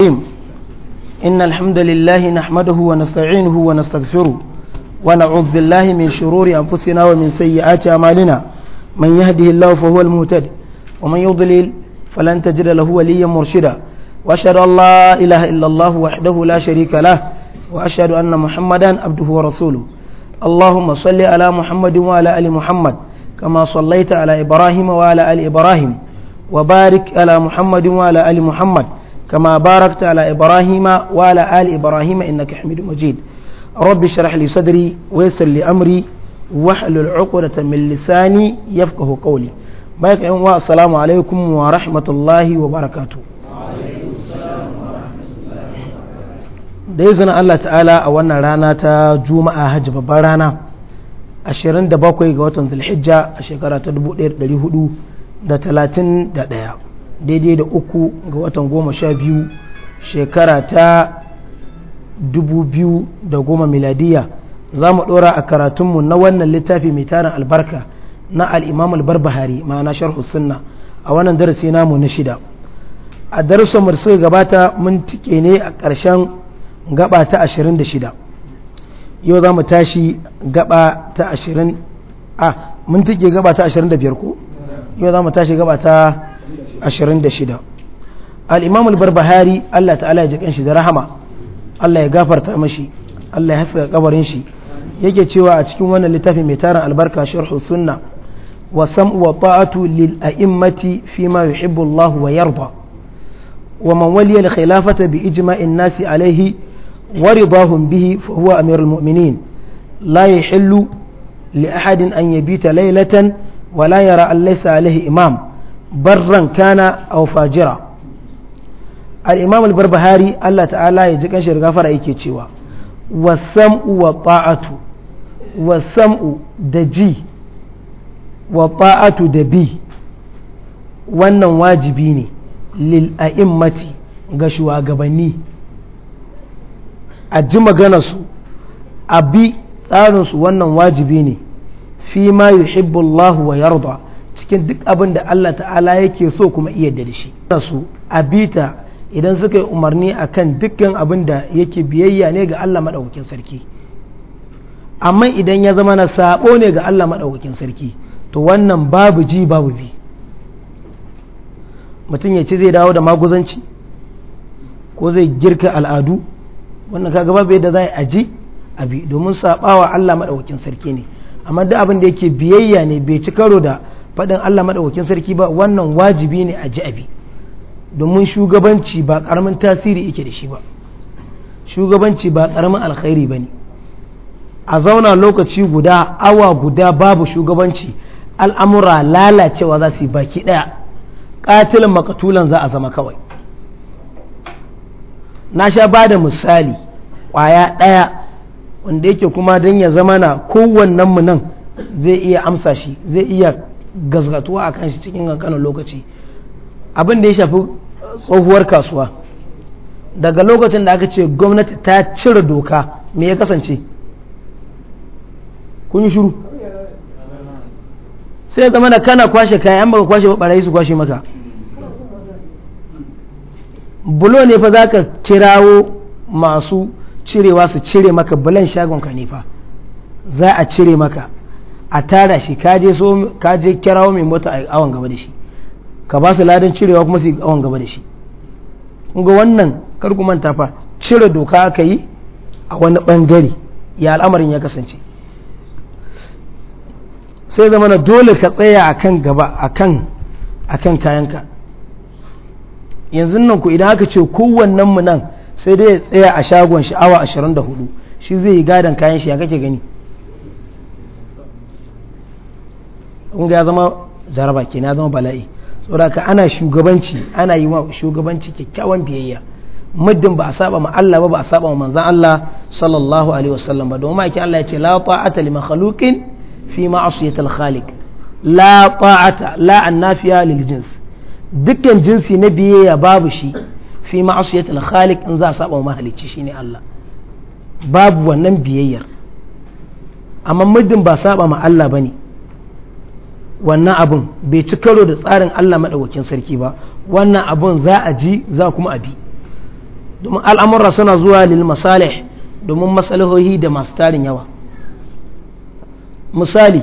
im inna alhamdulillahi nahmaduhu wa nasta'inuhu wa nastaghfiruh wa na'udhu billahi min shururi anfusina wa min sayyiati a'malina man yahdihillahu fa huwa almuhtad wa man yudlil falan tajid lahu waliyyan murshida wa ashhadu an la ilaha illa allah wahdahu la sharika lah wa ashhadu anna muhammadan abduhu wa rasuluh allahumma salli ala muhammad wa ali muhammad kama sallaita ala ibrahima wa ali ibrahim wa barik ala muhammad wa ali muhammad كما باركت على إبراهيم وعلى آل إبراهيم إنك حميد مجيد رب اشرح لي صدري ويسر لي أمري واحلل عقدة من لساني يفقه قولي بايك أنواع السلام عليكم ورحمة الله وبركاته da izinin Allah ta'ala a wannan rana ta juma'a hajji babban rana 27 ga watan zulhijja a shekara ta 1431 daidai da uku ga watan goma sha biyu shekara ta dubu biyu da goma miladiya za mu ɗora a karatunmu na wannan littafi mai tarin albarka na al'imam albarbahari ma'ana sharhu sunna a wannan darasi namu na shida a darasin mu suka gabata mun tike ne a ƙarshen gaba ta ashirin da shida yau za mu tashi gaba ta ashirin a mun tike gaba ta ashirin da biyar ko yau za mu tashi gaba ta 26 al-imam al-barbahari Allah ta'ala ya ji shi da rahama Allah ya gafarta mashi Allah ya haska kabarin shi yake cewa a cikin wannan littafi mai tarin albarka sharhu sunna wa sam'u wa ta'atu lil a'immati fi ma yuhibbu Allah wa yarda wa man waliya al-khilafata bi ijma'in nasi alayhi wa ridahum bihi fa huwa amirul mu'minin la yahillu li ahadin an yabita laylatan wa la yara an laysa alayhi imam barran kana aw fajira al-imam al-barbahari Allah ta'ala ya ji kanshi da gafara yake cewa wasam'u wa ta'atu wasam'u da ji wa ta'atu da bi wannan wajibi ne lil a'immati ga shugabanni a ji maganarsu a bi tsarinsu wannan wajibi ne fi ma yuhibbullahu wa yarda cikin duk abin da Allah ta'ala yake so kuma iya da shi su abita idan suka yi umarni akan dukkan abin da yake biyayya ne ga Allah maɗaukakin sarki amma idan ya zama na sabo ne ga Allah maɗaukakin sarki to wannan babu ji babu bi mutum ya ci zai dawo da maguzanci ko zai girka al'adu wannan kaga babu yadda za a ji abi domin sabawa Allah maɗaukakin sarki ne amma duk abin da yake biyayya ne bai ci karo da faɗin Allah maɗaukakin sarki ba wannan wajibi ne a ji abi domin shugabanci ba ƙaramin tasiri yake da shi ba shugabanci ba ƙaramin alkhairi ba ne a zauna lokaci guda awa guda babu shugabanci al'amura lalacewa za su yi baki ɗaya ƙatilin makatulan za a zama kawai na sha ba da misali ƙwaya ɗaya wanda yake kuma don ya zama na kowannenmu nan zai iya amsa shi zai iya gazgatuwa a kan shi cikin kankanin lokaci abin da ya shafi tsohuwar kasuwa daga lokacin da aka ce gwamnati ta cire doka me ya kasance kun yi shuru sai zama da kana kwashe kayan baka kwashe barayi su kwashe maka bulo ne fa za ka kirawo masu cirewa su cire maka bulan shagon kanifa za a cire maka a tara shi kaje je kirawo mai mota a awon gaba da shi ka ba su ladan cirewa kuma su yi awon gaba da shi ga wannan kar manta fa cire doka aka yi a wani bangare ya al'amarin ya kasance sai zama na dole ka tsaya a kan gaba a kan kayanka yanzu nan ku idan aka ce kowannen mu nan sai dai ya tsaya a shagon sha'awa 24 shi zai yi gadon kayan shi ya kake gani in ga ya zama jaraba ke na zama bala'i saboda ka ana shugabanci ana yi wa shugabanci kyakkyawan biyayya muddin ba a saba ma Allah ba ba a saba ma manzon Allah sallallahu alaihi wasallam ba domin maki Allah ya ce la ta'ata li makhluqin fi ma'asiyatil khaliq la ta'ata la annafiya lil jins dukkan jinsi na biyayya babu shi fi ma'asiyatil khaliq in za a saba ma halicci shine Allah babu wannan biyayyar amma muddin ba saba ma Allah bane wannan abun bai ci karo da tsarin Allah maɗaukakin sarki ba wannan abun za a ji za kuma a bi domin al'amurra suna zuwa lil masalih domin masalahohi da masu tarin yawa misali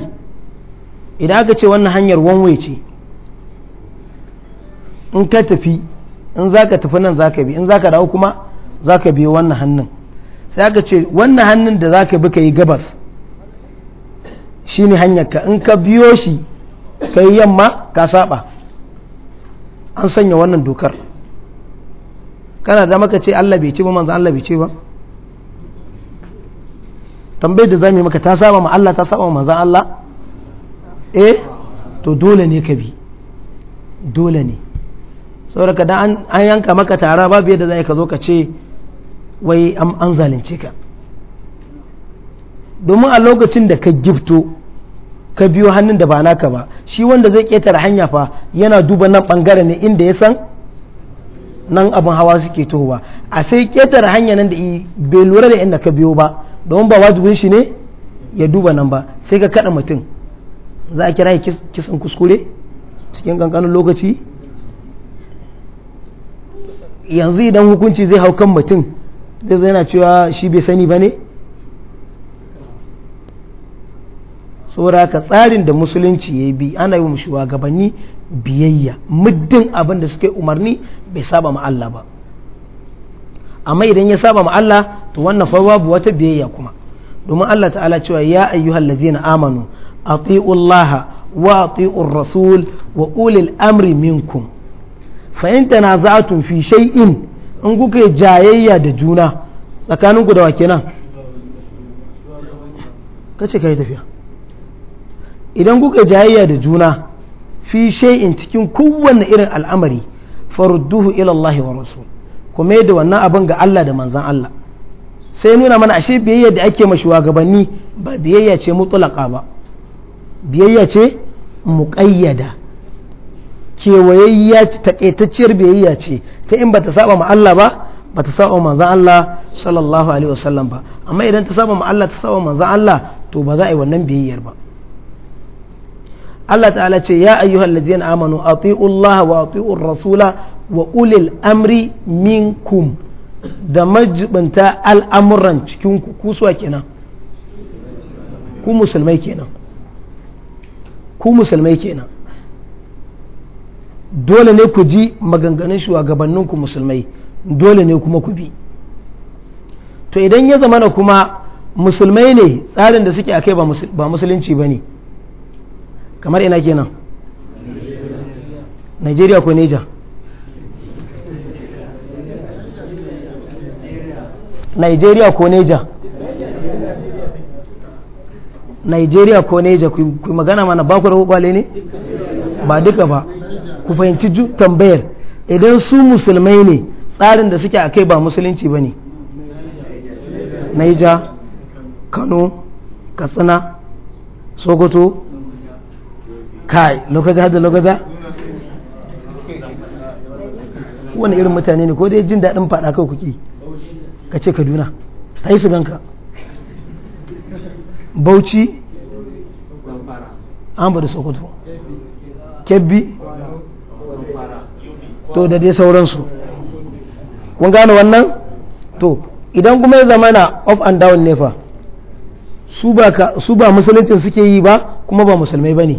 idan aka ce wannan hanyar wanwe ce in ka tafi in za ka tafi nan za ka bi in za ka dawo kuma za ka biyo wannan hannun sai aka ce wannan hannun da za ka bi ka yi gabas shi ne hanyarka in ka biyo shi kai yamma ka saba an sanya wannan dokar kana da maka ce Allah bai ce ba manzo Allah bai ce ba tambaye da za mu maka ta saba ma Allah ta saba ma manzo Allah eh to dole ne ka bi dole ne saboda dan an yanka maka tara babu yadda za ka zo ka ce wai an zalunce ka domin a lokacin da ka gifto ka biyo hannun da ba naka ba shi wanda zai ƙetare hanya fa yana duba nan ɓangare ne inda ya san nan abin hawa suke tohuwa a sai ƙetare hanya nan da bai lura da inda ka biyo ba don ba wajibin shi ne ya duba nan ba sai ka kaɗa mutum za a kira kisan kuskure cikin kankanin lokaci yanzu idan hukunci zai hau kan mutum zai zo yana cewa shi bai sani ba ne saboda haka tsarin da musulunci ya bi ana yi wa shugabanni biyayya muddin abin da suke umarni bai saba ma Allah ba amma idan ya saba ma Allah to wannan fa babu wata biyayya kuma domin Allah ta'ala cewa ya ayyuhal ladzina amanu Allah wa atiur rasul wa ulil amri minkum fa in tanaza'tum fi shay'in in kuka jayayya da juna tsakaninku da wa kace kai tafiya idan kuka jayayya da juna fi shay'in cikin kowanne irin al'amari farudduhu ila Allah wa rasul kuma da wannan abin ga Allah da manzan Allah sai nuna mana ashe biyayya da ake mashi gabanni ba biyayya ce mutlaqa ba biyayya ce muƙayyada kewayayya ce taƙaitacciyar biyayya ce ta in ba ta saba ma Allah ba ba ta saba manzan Allah sallallahu alaihi wasallam ba amma idan ta saba ma Allah ta saba manzon Allah to ba za a yi wannan biyayyar ba Allah ta'ala ce ya ayyuhal ladina amanu atiullaha wa atiur rasula wa ulil amri minkum da majibinta al'amuran cikin ku suwa kenan ku musulmai kenan ku musulmai kenan dole ne ku ji maganganun shugabannin ku musulmai dole ne kuma ku bi to idan ya zamana kuma musulmai ne tsarin da suke akai ba musulunci ba ne kamar ina kenan nigeria ko niger nigeria ko niger nigeria ko niger ku magana mana ba ku kwale ne ba duka ba ku fahimci tambayar idan su musulmai ne tsarin da suke a kai ba musulunci ba ne niger kano katsina sokoto kai lokaci hada lokaci wani irin mutane ne ko dai jin daɗin faɗa kai kuki ka ce kaduna ta yi su ganka bauchi an ba da sokoto kebbi to da dai sauransu kun gane wannan to idan kuma ya zama na up and down ne fa su ba musulunci suke yi ba kuma ba musulmai ba ne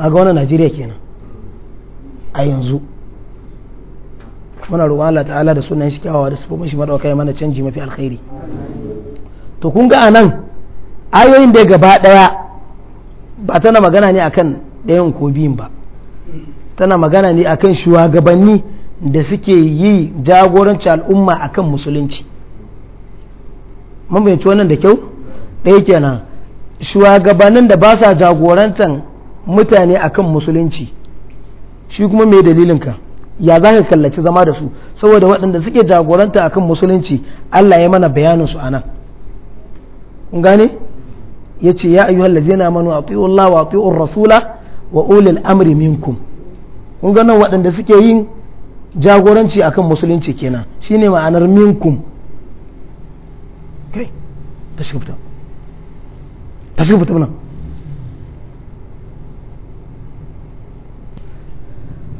kaga wannan najeriya kenan a yanzu muna roƙon Allah ta'ala da sunan shi kyawawa da sufofin shi madauka ya mana canji mafi alkhairi to kun ga anan ayoyin da gaba daya ba tana magana ne akan ɗayan ko biyun ba tana magana ne akan shugabanni da suke yi jagoranci al'umma akan musulunci mun bayyana wannan da kyau ɗaya kenan shugabannin da ba sa jagorantan mutane akan musulunci shi kuma mai dalilinka ya za ka kallaci zama da su saboda waɗanda suke jagoranta akan musulunci Allah ya mana bayanin su anan kun gane ya ce ya ayyuhal manu a ati'u Allah wa ati'u rasula wa ulil amri minkum kun ganin nan waɗanda suke yin jagoranci akan musulunci kenan shine ma'anar minkum kai ta shubta ta nan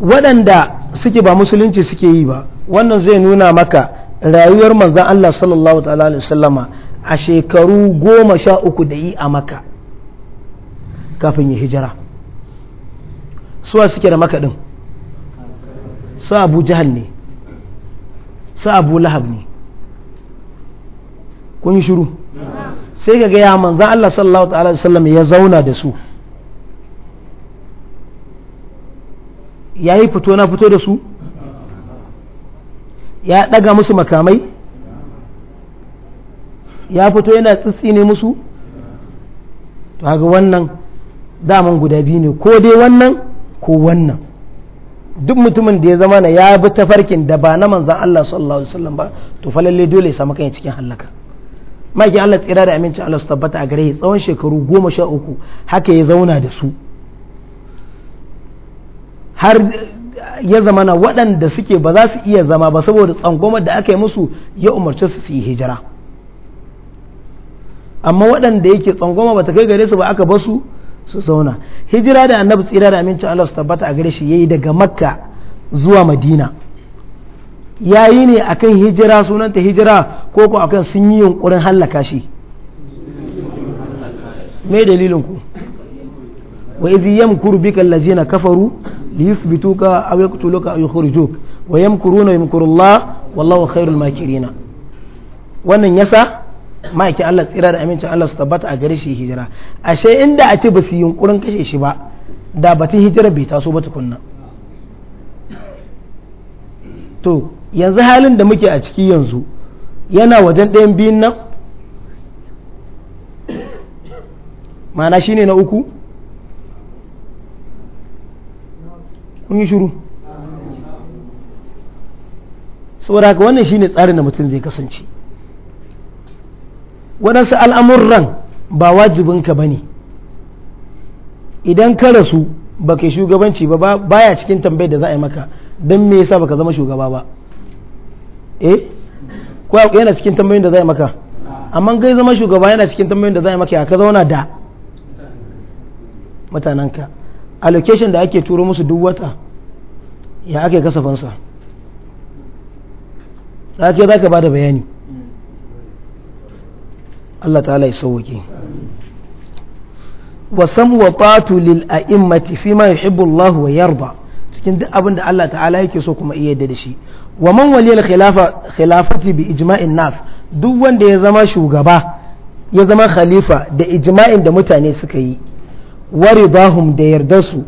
waɗanda suke ba musulunci suke yi ba wannan zai nuna maka rayuwar manzan Allah sallallahu alaihi wasallama a shekaru goma sha uku da yi a maka kafin ya hijira suwa suke da maka ɗin su abu jihar ne su abu lahab ne kun yi shiru sai ga gaya manzan Allah sallallahu alaihi wasallam ya zauna da su ya yi fito na fito da su ya ɗaga musu makamai ya fito yana ne musu to haka wannan daman guda biyu ne ko dai wannan ko wannan duk mutumin da ya zama na ya bi tafarkin da ba na manzan Allah sallallahu alaihi wasallam ba to falalle dole ya samu kan cikin halaka maki Allah tsira da amincin Allah su tabbata a gare tsawon shekaru goma sha uku haka ya zauna da su har ya zama na waɗanda suke ba za su iya zama ba saboda tsangomar da aka yi musu ya umarce su su yi hijira amma waɗanda yake tsangoma ba ta kai gare su ba aka basu su zauna hijira da annabi tsira da amincin Allah su tabbata a gare shi yayi daga makka zuwa madina yayi ne akan hijira sunanta hijira ko ko akan sun yi yunkurin hallaka shi me dalilin ku wa idh yamkuru bika allazina kafaru ليثبتوك أو يقتلوك أو يخرجوك ويمكرون ويمكر الله والله خير الماكرين wannan yasa ma'aikin Allah tsira da amincin Allah su tabbata a gare shi hijira ashe inda a ce ba su yunkurin kashe shi ba da batun hijira bai taso ba tukunna to yanzu halin da muke a ciki yanzu yana wajen ɗayan biyun nan ma'ana shine na uku kun yi shuru saboda haka wannan shine tsarin da mutum zai kasance waɗansu al'amuran ba wajibinka ba ne idan ka rasu ba ke shugabanci ba ya cikin tambayar da za a yi maka don me yasa baka zama shugaba ba eh ko yana cikin tambayar da za a yi maka amma kai zama shugaba yana cikin tambayar da za a yi maka ya ka zauna da mutanenka allocation da ake turo musu duk wata ya ake kasafansa ake za ka ba da bayani Allah ta'ala ya sauwake wasan watatu lil a'immati fi ma yuhibbu wa yarda cikin duk abin da Allah ta'ala yake so kuma iya yadda da shi wa man waliyal khilafati bi ijma'in nas duk wanda ya zama shugaba ya zama khalifa da ijma'in da mutane suka yi wari dahum da yarda su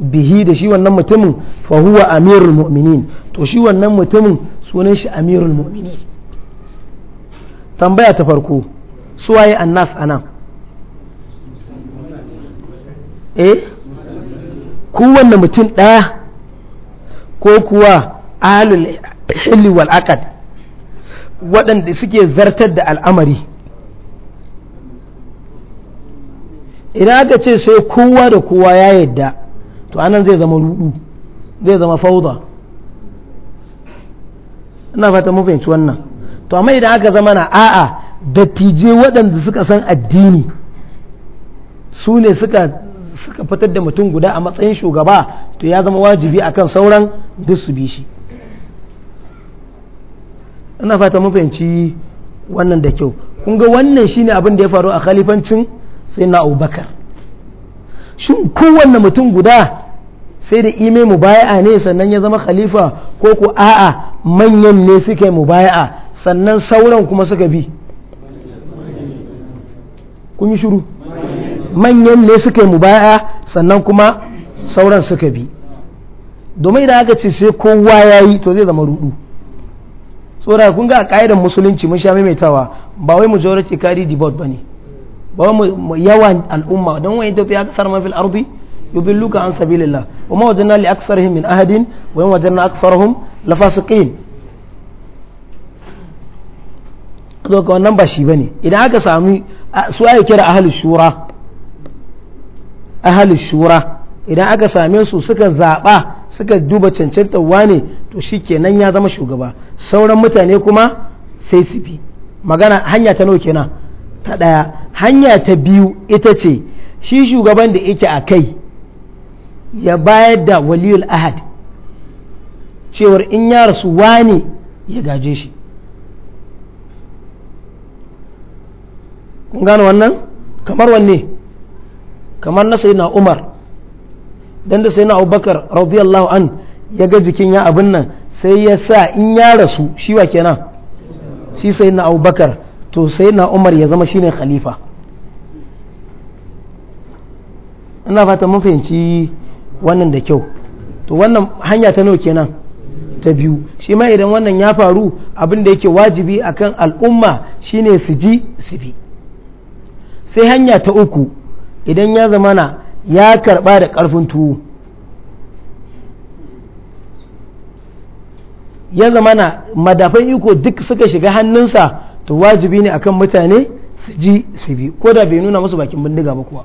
bihi da shi wannan mutumin fa huwa amirul mu'minin to shi wannan mutumin sunan shi amirul mu'minin tambaya ta farko su waye annas anan eh kowanne mutum ɗaya ko kuwa ahlul hilli wal aqad waɗanda suke zartar da al'amari idan aka ce sai kowa da kowa ya yadda to anan zai zama rudu zai zama fauda ina fata mun fahimci wannan to amma idan aka zama na a'a tije waɗanda suka san addini su ne suka suka fitar da mutum guda a matsayin shugaba to ya zama wajibi akan sauran duk su bi shi ina fata mun fahimci wannan da kyau kun ga wannan shine abin da ya faru a khalifancin sai na abubakar shin kowanne mutum guda sai da ime baya'a ne sannan ya zama khalifa ko ku a'a manyan ne suka yi baya'a sannan sauran kuma suka bi kun shuru manyan ne suka yi baya'a sannan kuma sauran suka bi domin idan aka ce sai kowa ya yi to zai zama rudu tsora kun ga a ƙa'idar musulunci mun sha maimaitawa ba wai majority carry the vote ba ne ba mu yawan al'umma don wani ta ya kasar man fil ardi yudilluka an sabilillah wa ma wajanna li aktharihim min ahadin wa na wajanna aktharahum la fasiqin to ga wannan ba shi bane idan aka sami su ake kira ahli shura ahli shura idan aka same su suka zaba suka duba cancanta wane to shikenan ya zama shugaba sauran mutane kuma sai su bi magana hanya ta nawa kenan ta ɗaya hanya ta biyu ita ce shi shugaban da yake a kai ya bayar da waliyul ahad cewar in ya rasu wani ya gaje shi kun gane wannan kamar wanne kamar na sai na umar don da sai na abubakar radiyallahu an ya ga jikin ya abin nan sai ya sa in ya rasu shi wa kenan shi sai na abubakar to sai na umar ya zama shine khalifa ina fata mun fahimci wannan da kyau to wannan hanya ta nawa kenan ta biyu shi ma idan wannan ya faru abin da yake wajibi akan al'umma shine su ji su bi sai hanya ta uku idan ya zama na ya karba da karfin tuwo ya zama na madafan iko duk suka shiga hannunsa to wajibi ne akan mutane su ji su bi ko da bai nuna musu bakin bindiga ba kuwa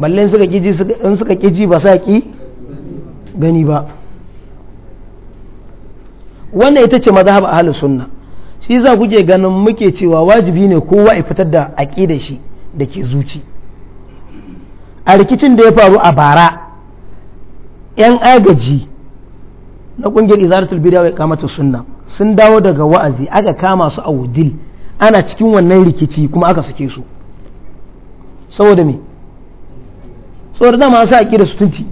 balle suka kiji in suka kiji ba sa ki gani ba wannan ita ce mazhab ahlus sunna shi za ku kuke ganin muke cewa wajibi ne kowa ya fitar da aqida shi da ke zuci a rikicin da ya faru a bara yan agaji na kungiyar izaratul bidawa ya kamata sunna sun dawo daga wa'azi aka kama su a wudil ana cikin wannan rikici kuma aka sake su saboda me saboda dama sa da su tunti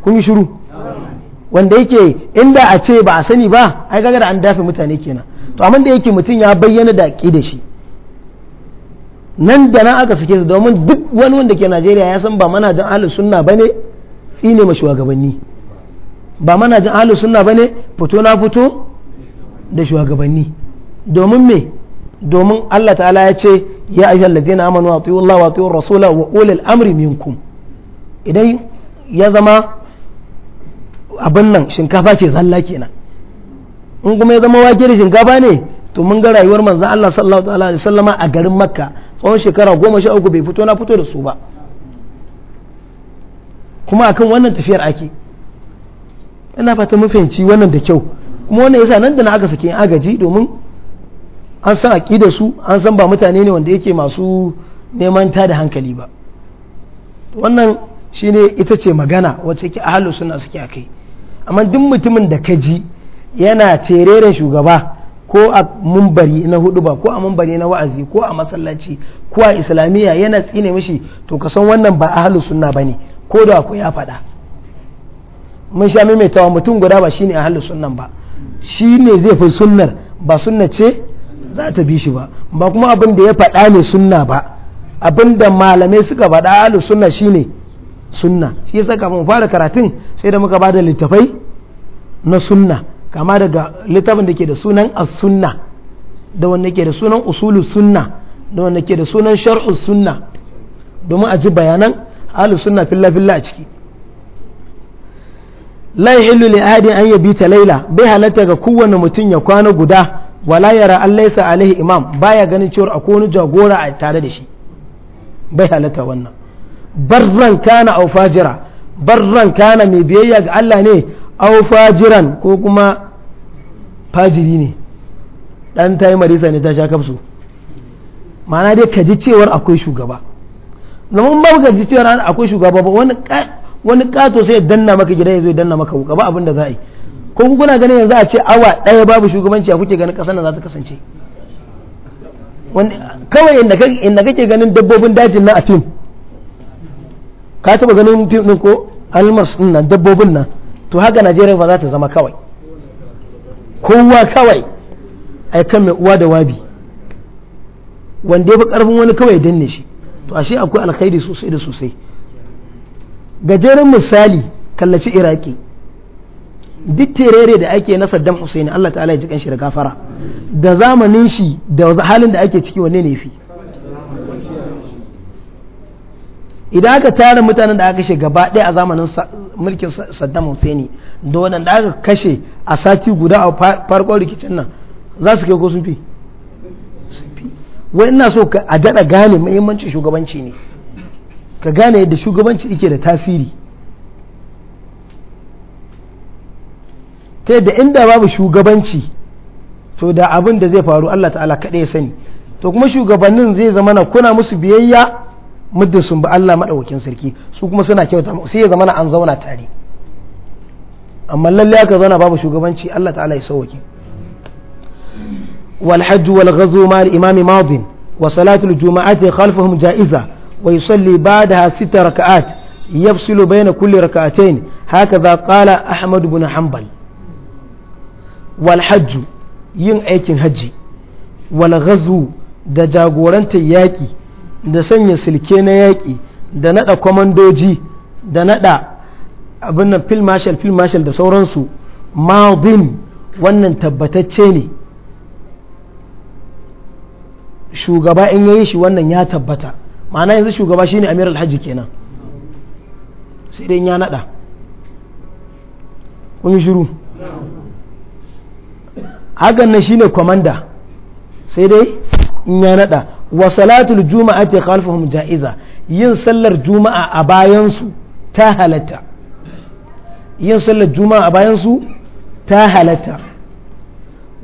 kun yi shiru wanda yake inda a ce ba a sani ba ai kaga da an dafe mutane kenan to amma da yake mutum ya bayyana da da shi nan da nan aka sake su domin duk wani wanda ke Najeriya ya san ba manajan ahlus sunna bane tsine ma shugabanni ba manajin suna ba ne fito na fito da shugabanni domin me domin Allah ta'ala ya ce ya ayyuhal ladina amanu wa atiyu Allah wa atiyu rasula wa ulil amri minkum idan ya zama abin nan shinkafa ke zalla kenan in kuma ya zama wake da shinkafa ne to mun ga rayuwar manzon Allah sallallahu alaihi sallama a garin Makka tsawon shekara goma sha uku bai fito na fito da su ba kuma akan wannan tafiyar ake ina fata mun fahimci wannan da kyau kuma wannan yasa nan da na aka sake agaji domin an san aqida su an san ba mutane ne wanda yake masu neman ta da hankali ba wannan shine ita ce magana wacce ke ahalu suna suke a kai amma duk mutumin da ka ji yana tereren shugaba ko a mumbari na hudu ba ko a mumbari na wa'azi ko a masallaci ko a islamiyya yana tsine mishi to ka san wannan ba ahlu sunna bane ko da ku ya faɗa mun sha maimaitawa mutum guda ba shine ahlus sunnan ba ne zai fi sunnar ba sunna ce za ta bi shi ba ba kuma abin da ya faɗa ne sunna ba abin da malamai suka faɗa ahlus sunna shine sunna shi yasa kafin mu fara karatun sai da muka bada littafai na sunna kama daga littafin da ke da sunan as-sunna da wanda ke da sunan usulu sunna da wanda ke da sunan shar'u sunna domin a ji bayanan ahlus sunna filla a ciki la yahillu li ahadi an yabita laila bai halatta ga kowanne mutum ya kwana guda wala yara an laisa alaihi imam baya ganin cewa akwai wani jagora a tare da shi bai halatta wannan barran kana au fajira barran kana mai biyayya ga Allah ne au fajiran ko kuma fajiri ne dan tayi marisa ne ta sha kafsu ma'ana dai ka ji cewar akwai shugaba domin ba ka ji cewar akwai shugaba ba wani wani kato sai ya danna maka gida ya zo ya danna maka wuka ba abin da za a yi ko kuna ganin yanzu a ce awa ɗaya babu shugabanci a kuke ganin ƙasar nan za ta kasance kawai inda kake ganin dabbobin dajin na a fim ka taba ganin fim ɗin ko almas nan dabbobin nan to haka najeriya ba za ta zama kawai kowa kawai a kan mai uwa da wabi wanda ya fi ƙarfin wani kawai danne shi to ashe akwai alkhairi sosai da sosai gajeren misali kallaci iraki duk terere da ake na saddam hussein allah ta'ala ya ji kanshi da gafara da zamanin shi da halin da ake ciki wanne ne fi idan aka tara mutanen da aka kashe gaba ɗaya a zamanin mulkin saddam hussein da waɗanda aka kashe a sati guda a farkon rikicin nan za su kai ko sun fi wai ina so a daɗa gane muhimmancin shugabanci ne ka gane yadda shugabanci yake da tasiri ta yadda inda babu shugabanci to da abin da zai faru Allah ta'ala kaɗai ya sani to kuma shugabannin zai zama kuna musu biyayya muddin sun bi Allah maɗaukakin sarki su kuma suna kyauta sai ya zama an zauna tare amma lalle aka zauna babu shugabanci Allah ta'ala ya sauwake wal hajj wal ghazu ma al imam madin wa salatul juma'ati khalfahum ja'iza ويصلي بعدها ست ركعات يفصل بين كل ركعتين هكذا قال أحمد بن حنبل والحج yin aikin hajji walghazu da jagorantar yaƙi da sanya silke na yaƙi da naɗa kwamandoji da naɗa abin nan fil marshal da sauransu ma'adin wannan tabbatacce ne shugaba in yayi shi wannan ya tabbata ma'ana yanzu shugaba shine amir alhaji kenan sai dai ya nada kun yi shiru hakan nan shine kwamanda sai dai in ya nada wa salatul juma'a ta khalfahum ja'iza yin sallar juma'a a bayansu ta halatta yin sallar juma'a a bayansu ta halatta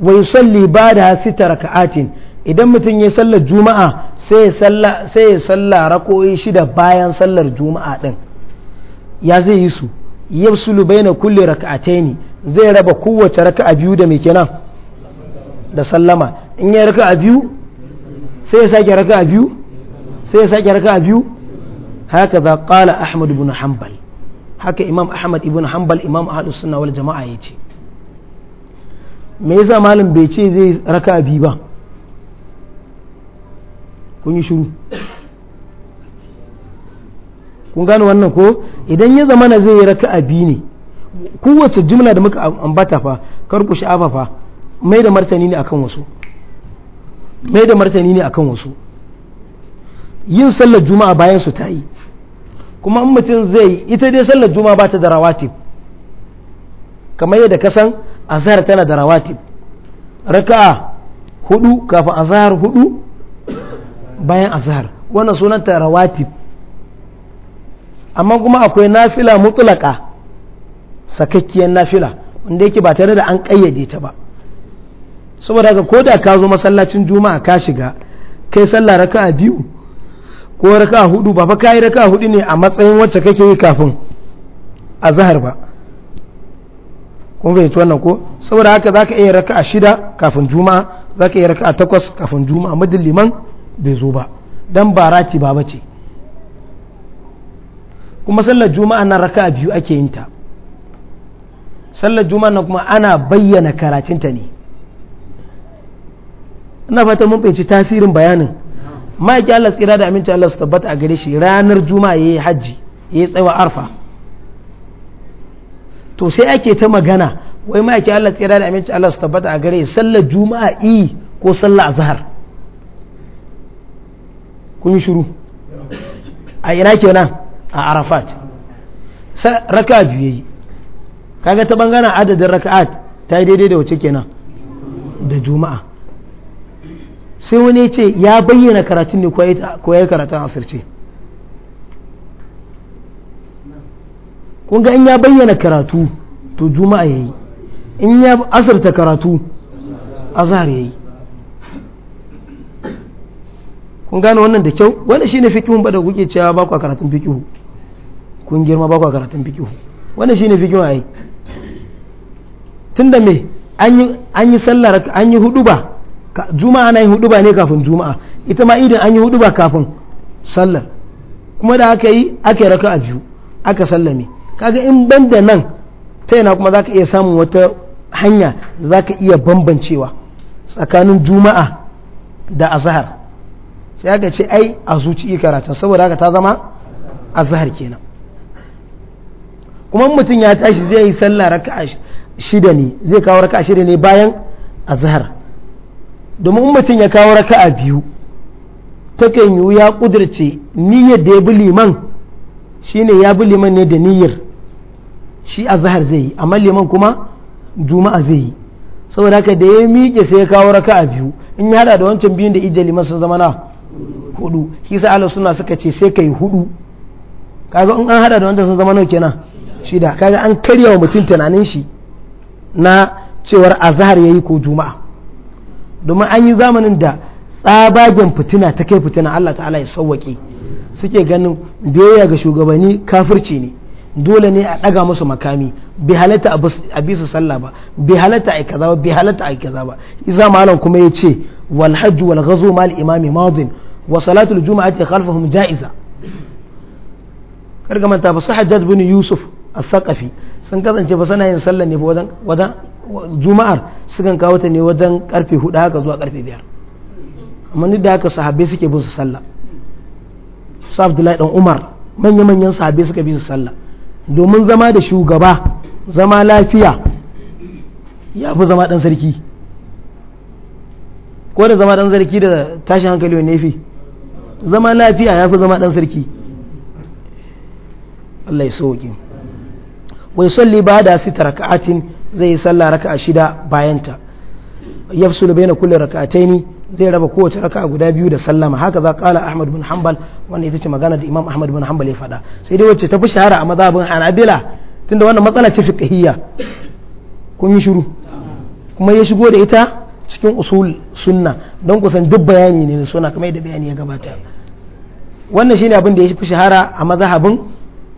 wa yusalli ba da sita raka'atin idan mutum ya sallar juma'a sai ya salla rako'i shida bayan sallar juma'a din ya zai yi su yafsulu baina kulli raka'ataini zai raba kowace raka'a biyu da mai kenan da sallama in ya raka'a biyu sai ya sake raka'a biyu sai ya sake raka'a biyu haka za qala ahmad ibn hanbal haka imam ahmad ibn hanbal imam ahlus sunna wal jama'a yace me yasa malam bai ce zai raka'a biyu ba kun yi kun gane wannan ko idan ya zama na zai yi raka'a biyu ne kowace jumla da muka ambata fa kar ku sha'afa fa mai da martani ne akan wasu mai da martani ne akan wasu yin sallar juma'a bayan su ta yi kuma in mutum zai yi ita dai sallar juma'a ba ta da rawatib kamar yadda ka san azhar tana da rawatib raka'a hudu kafin azhar hudu bayan azhar wannan sunanta rawatib amma kuma akwai nafila mutlaka sakakkiyar nafila wanda yake ba tare da an kayyade ta ba saboda haka ko da ka zo masallacin juma'a ka shiga kai sallah raka'a biyu ko raka'a hudu ba fa kai raka'a hudu ne a matsayin wacce kake yi kafin azhar ba kun fahimci wannan ko saboda haka zaka iya raka'a shida kafin juma'a zaka iya raka'a takwas kafin juma'a madin liman bai zo ba dan barati rati ba bace kuma sallar juma'a na raka biyu ake yin ta sallar juma'a na kuma ana bayyana karatunta ne ina fatan mun fahimci tasirin bayanin ma'aiki Allah tsira da aminci Allah su tabbata a gare shi ranar juma'a yayi hajji yayi tsawa arfa to sai ake ta magana wai ma'aiki Allah tsira da aminci Allah su tabbata a gare sallar juma'a i ko sallar azhar kun yi shiru a ina kenan a arafat raka biyu yi kaga ta bangana adadin raka'at ta yi daidai da wace kenan da juma'a sai wani ce ya bayyana karatun ne ko ya yi karatun asirce kun ga in ya bayyana karatu to juma'a ya yi in ya asirta karatu azhar ya yi kun gano wannan da kyau wannan shine fikihun ba da kuke cewa ba ku karatun fikihu kun girma ba ku karatun fikihu wannan shine fikihu ai tunda me an yi an yi sallar an yi ba juma'a na yi ba ne kafin juma'a ita ma idan an yi ba kafin sallar kuma da aka yi aka raka a biyu aka sallame kaga in banda nan ta yana kuma zaka iya samun wata hanya da zaka iya bambancewa tsakanin juma'a da azhar sai aka ce ai a zuci karatun saboda haka ta zama azhar kenan kuma mutum ya tashi zai yi sallah raka'a shida ne zai kawo raka'a shida ne bayan azhar domin mutum ya kawo raka'a biyu takan yi ya kudirce niyyar da ya bi liman shine ya bi liman ne da niyyar shi azhar zai yi amma liman kuma juma'a zai yi saboda haka da ya miƙe sai ya kawo raka'a biyu in ya hada da wancan biyun da ijali masa zama na hudu shi sa ahlus sunna suka ce sai ka yi hudu kaga in an hada da wanda sun zama nau kenan shida kaga an karyawa mutum tunanin shi na cewar azhar yayi ko juma'a domin an yi zamanin da tsabagen fitina ta kai fitina Allah ta'ala ya sauwake suke ganin biyayya ga shugabanni kafirci ne dole ne a ɗaga musu makami bi halatta a bisu sallah ba bi halatta a kaza ba bi halatta a kaza ba isa malam kuma ya ce والحج والغزو مع الإمام ماض وصلاة الجمعة خلفهم جائزة karga manta ba su hajjaj bin yusuf a sakafi sun kasance ba suna yin sallah ne wajen wajen juma'ar sukan kawo ta ne wajen karfe haka zuwa karfe biyar amma duk da haka sahabbai suke bin sallah su abdullahi dan umar manya manyan sahabbai suka bi su sallah domin zama da shugaba zama lafiya ya fi zama ɗan sarki ko da zama dan sarki da tashin hankali wanne fi zama lafiya ya fi zama dan sarki Allah ya soke wai salli ba da sita raka'atin zai yi sallah raka'a shida bayanta yafsulu baina kulli raka'ataini zai raba kowace raka'a guda biyu da sallama haka za kala Ahmad bin Hanbal wanda ita ce magana da Imam Ahmad bin Hanbal ya faɗa sai dai wacce ta fi shahara a mazhabin Hanabila tunda wannan matsala ce fiqhiyya kun yi shiru kuma ya shigo da ita cikin usul sunna don kusan duk bayani ne suna kamar yadda bayani ya gabata wannan shine abin da ya fi shahara a mazhabin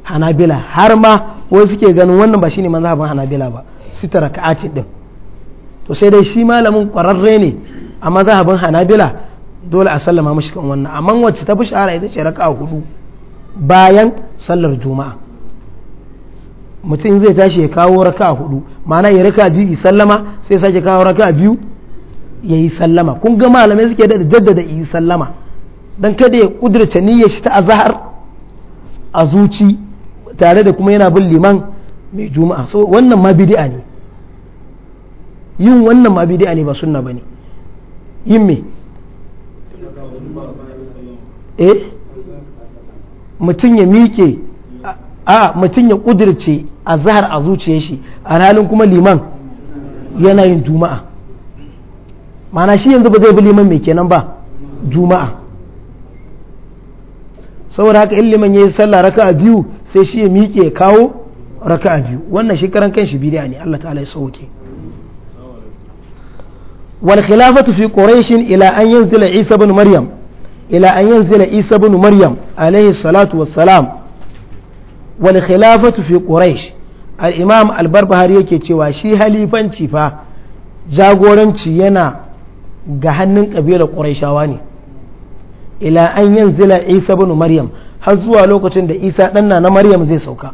hanabila har ma wasu suke ganin wannan ba shine mazhabin hanabila ba sita raka'ati din to sai dai shi malamin kwararre ne a mazhabin hanabila dole a sallama mashi kan wannan amma wacce ta fi shahara ita ce raka'a hudu bayan sallar juma'a mutum zai tashi ya kawo raka'a hudu ma'ana ya raka biyu sallama sai sake kawo raka'a biyu ya yi sallama kun ga malamai suke da jaddada yi sallama don kada ya kudurce niyyar shi ta azahar a zuci tare da kuma yana bin liman mai juma'a so wannan ma bid'a ne yin wannan ma bid'a ne ba sunna bane yin me eh mutum ya miƙe a mutum ya kudirce azahar a zuciyar shi a halin kuma liman yana yin juma'a mana shi yanzu ba zai bi liman mai kenan ba juma'a saboda haka in liman yi sallah raka'a biyu sai shi ya miƙe kawo raka'a biyu wannan shi karan kanshi bidiya ne Allah ta'ala ya sauke wal khilafatu fi quraish ila an yanzila isa ibn maryam ila an yanzila isa ibn maryam alayhi salatu wassalam wal khilafatu fi quraish al imam al barbahari yake cewa shi halifanci fa jagoranci yana ga hannun ƙabilar ƙuraishawa ne ila an zila isa bin maryam har zuwa lokacin da isa ɗanna na maryam zai sauka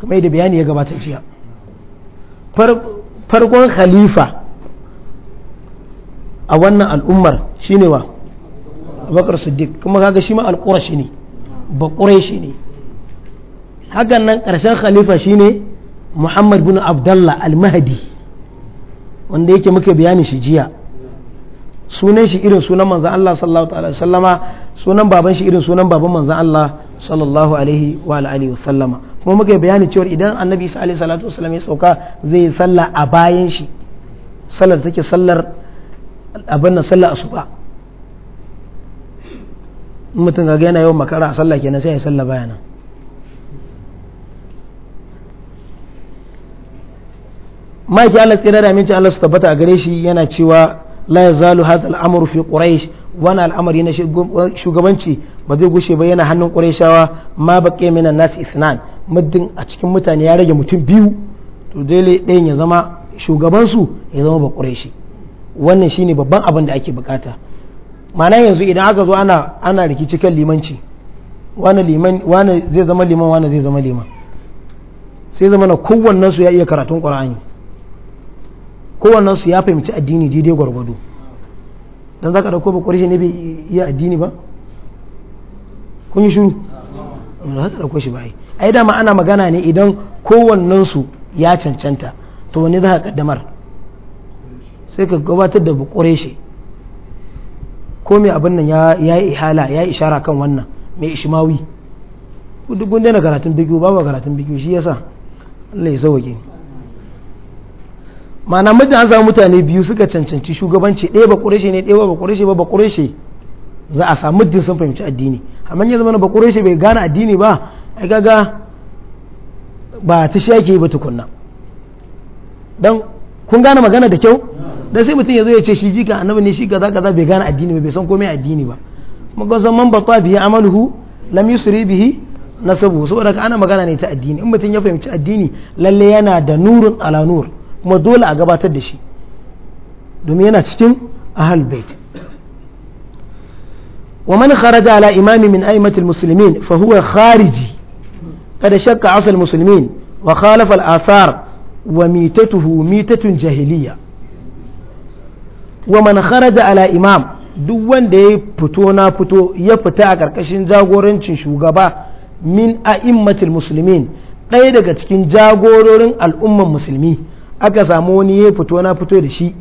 kamar yadda bayani ya gabata jiya farkon khalifa a wannan al'ummar shine wa abakar siddiq kuma kaga shi ma shi ne ba shi ne hakan nan ƙarshen khalifa shine muhammad bin abdallah al-mahdi wanda yake muke bayani shi jiya sunan shi irin sunan manzan Allah sallallahu alaihi wasallama sunan baban shi irin sunan baban manzan Allah sallallahu alaihi wa alihi wasallama kuma muke bayani cewa idan annabi isa alaihi salatu wasallam ya sauka zai yi sallah a bayan shi sallar take sallar abin nan sallar asuba mutum ga yana yawan makara a sallah kenan sai ya sallah bayanan maki Allah tsira da aminci Allah su tabbata a gare shi yana cewa la yazalu hadha al-amru fi quraish wani al'amari na shugabanci ba zai gushe ba yana hannun qurayshawa ma baqiya minan nas isnan muddin a cikin mutane ya rage mutum biyu to dole ɗayan ya zama shugaban su ya zama ba qurayshi wannan shine babban abin da ake bukata ma'ana yanzu idan aka zo ana ana rikici kan limanci wani liman wani zai zama liman wani zai zama liman sai zama na kowannen su ya iya karatun qur'ani kowannan su ya fahimci addini daidai gwargwado za ka dauko ba ƙwarishe ne bai iya addini ba kun yi shiru ba za ka dauko shi ba a yi dama ana magana ne idan kowannan su ya cancanta to wani za ka kaddamar sai ka gabatar da ƙwarishe ko mai abin nan ya yi ihala ya yi ishara kan wannan mai ishimawi duk gun daina karatun bigiyo babu karatun bigiyo shi yasa Allah ya sauke ma'ana muddin an samu mutane biyu suka cancanci shugabanci ɗaya ba ƙureshe ne ɗaya ba ƙureshe ba ba za a samu muddin sun fahimci addini amma ya zama ba ƙureshe bai gane addini ba ai kaga ba ta shi yake ba tukunna dan kun gane magana da kyau dan sai mutum ya zo ya ce shi jika annabi ne shi kaza kaza bai gane addini ba bai san komai addini ba kuma san man bata bihi amaluhu lam yusri bihi nasabu saboda ka ana magana ne ta addini in mutum ya fahimci addini lalle yana da nurun ala nur kuma dole a gabatar da shi domin yana cikin ahal bait wa man kharaja ala imami min aimatul muslimin fa huwa khariji kada shakka asal muslimin wa khalafa al athar wa mitatuhu mitatun jahiliya wa man kharaja ala imam duk wanda ya fito na fito ya fita a karkashin jagorancin shugaba min a'immatul muslimin ɗaya daga cikin jagororin al'umman musulmi aka samu wani ya fito na fito da shi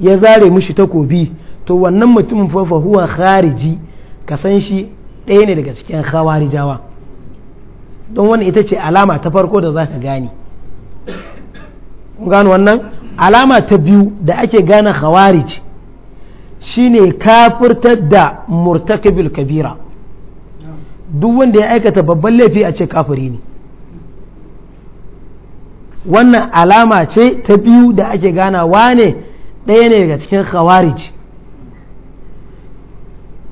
ya zare mushi takobi to wannan mutumin fa huwa khariji ka san shi ɗaya ne daga cikin khawarijawa don wannan ita ce alama ta farko da zaka ka gane gano wannan alama ta biyu da ake gane khawarij shine kafirtar da murtakabil kabira duk wanda ya aikata babban laifi a ce kafiri ne wannan alama ce ta biyu da ake wa ne ɗaya ne daga cikin khawarij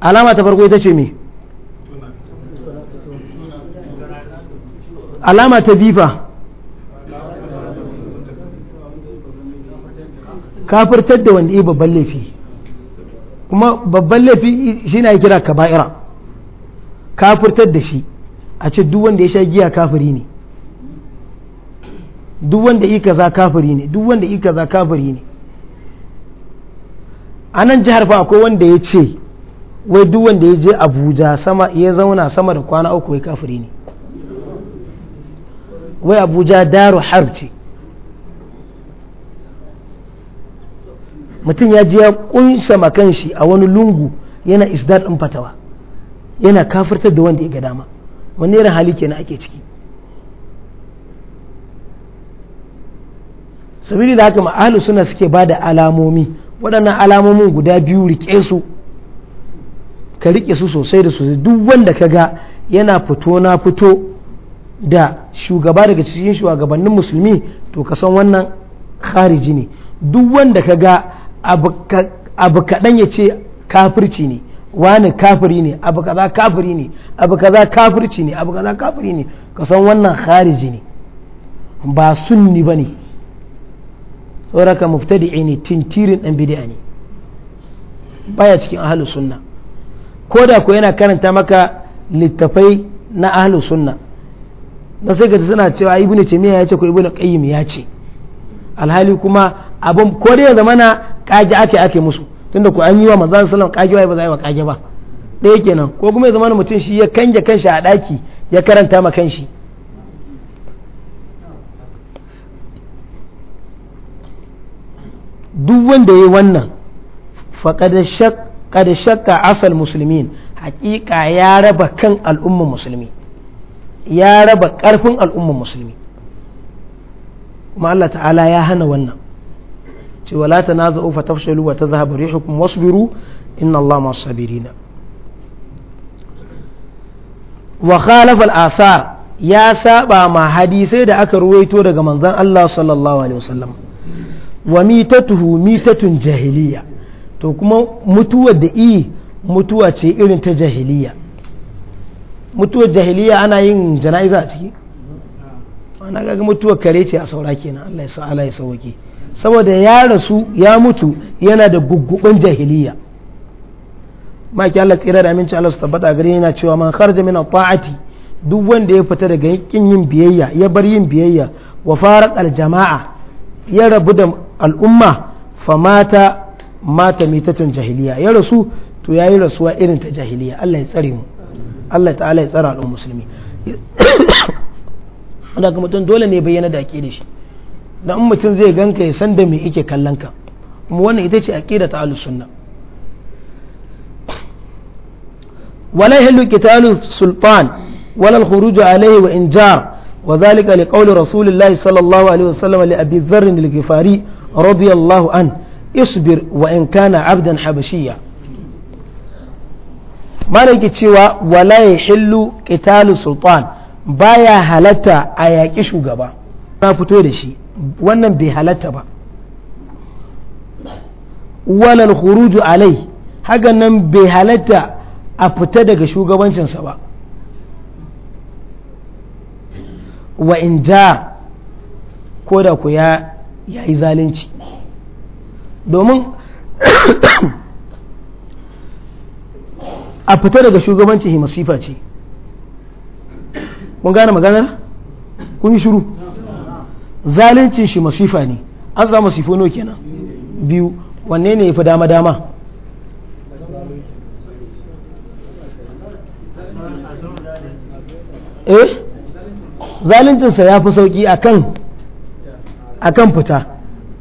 alama ta farko ita ce me alama ta bifa kafirtar da wanda yi babban laifi kuma babban laifi shi na kira kaba'ira kafirtar da shi a ce duk wanda ya sha giya kafiri ne duk wanda yi kaza kafiri ne duk wanda yi kaza kafiri ne a nan jihar fa akwai wanda ya ce wai duk wanda ya je abuja sama ya zauna sama da kwana uku wai kafiri ne wai abuja daru harb ce mutum ya je ya kunsa makan shi a wani lungu yana isdar din fatawa yana kafirtar da wanda ya ga dama wani irin hali kenan ake ciki sabili da haka ma'ahalu suna suke ba da alamomi waɗannan alamomin guda biyu rike su ka rike su sosai da sosai duk wanda ka ga yana fito na fito da shugaba daga cikin shugabannin musulmi to ka san wannan khariji ne duk wanda ka ga abu kaɗan ya ce kafirci ne wani kafiri ne abu kaza kafiri ne abu kaza kafirci ne abu kaza kafiri ne ka san wannan khariji ne ba sunni ba ne sauraka mubtadi'i ne tintirin dan bid'a ne baya cikin ahlus sunna ko da ko yana karanta maka littafai na ahlus sunna da sai gaji suna cewa ibnu taymiya ya ce ko ibnu qayyim ya ce alhali kuma abin ko dai ya zamana kage ake ake musu tunda ku an yi wa manzon sallallahu alaihi wasallam kage ba za a yi wa kage ba ɗaya kenan ko kuma ya zamana mutum shi ya kanje kanshi a ɗaki ya karanta ma kanshi duk wanda ya yi wannan faƙada shakka asal musulmin hakika ya raba kan al'umman musulmi ya raba ƙarfin al'umman musulmi kuma Allah ta'ala ya hana wannan ce wala ta na za'u fatafshalu wa ta zahabar rihukum wasbiru inna Allah masu sabirina na khalafa al'asar ya saba ma hadisai da aka ruwaito daga manzan Allah sallallahu alaihi wasallam wa mitatuhu mitatun jahiliya to kuma mutuwar da i mutuwa ce irin ta jahiliya mutuwar jahiliya ana yin jana'iza a ciki ana gaga mutuwar kare ce a saura kenan Allah ya Allah ya sauke saboda ya rasu ya mutu yana da guggubin jahiliya maki Allah tsira da aminci Allah su tabbata gare yana cewa man kharja min ta'ati duk wanda ya fita daga kin yin biyayya ya bar yin biyayya wa farak al jama'a ya rabu da al'umma famata mata mitatan jahiliya ya rasu to yayi rasuwa irin ta jahiliya Allah ya tsare mu Allah ta'ala ya tsara al'ummar musulmi daga mutum dole ne bayyana da ake da shi da in mutum zai ganka ya san da me yake kallon ka kuma wannan ita ce a aqida ta ahlus sunna wala yahlu qitalu sultan wala al-khuruj alayhi wa injar وذلك لقول رسول alaihi wa الله عليه وسلم لأبي ذر الغفاري رضي الله عنه اصبر وان كان عبدا حبشيا ما cewa wala ya hillu قتال sultan baya halatta a yaƙi shugaba na fito da shi wannan bai halatta ba walal khuruju alai haka nan bai halatta a fita daga shugabancinsa ba wa in ja ko da ku ya ya yi zalunci domin a fita daga shugabanci hi masifa ce kun gane maganar kun yi shuru zalincin shi masifa ne an samu masifo kenan biyu wanne ne ya fi dama dama eh zaluncinsa ya fi sauki akan akan fita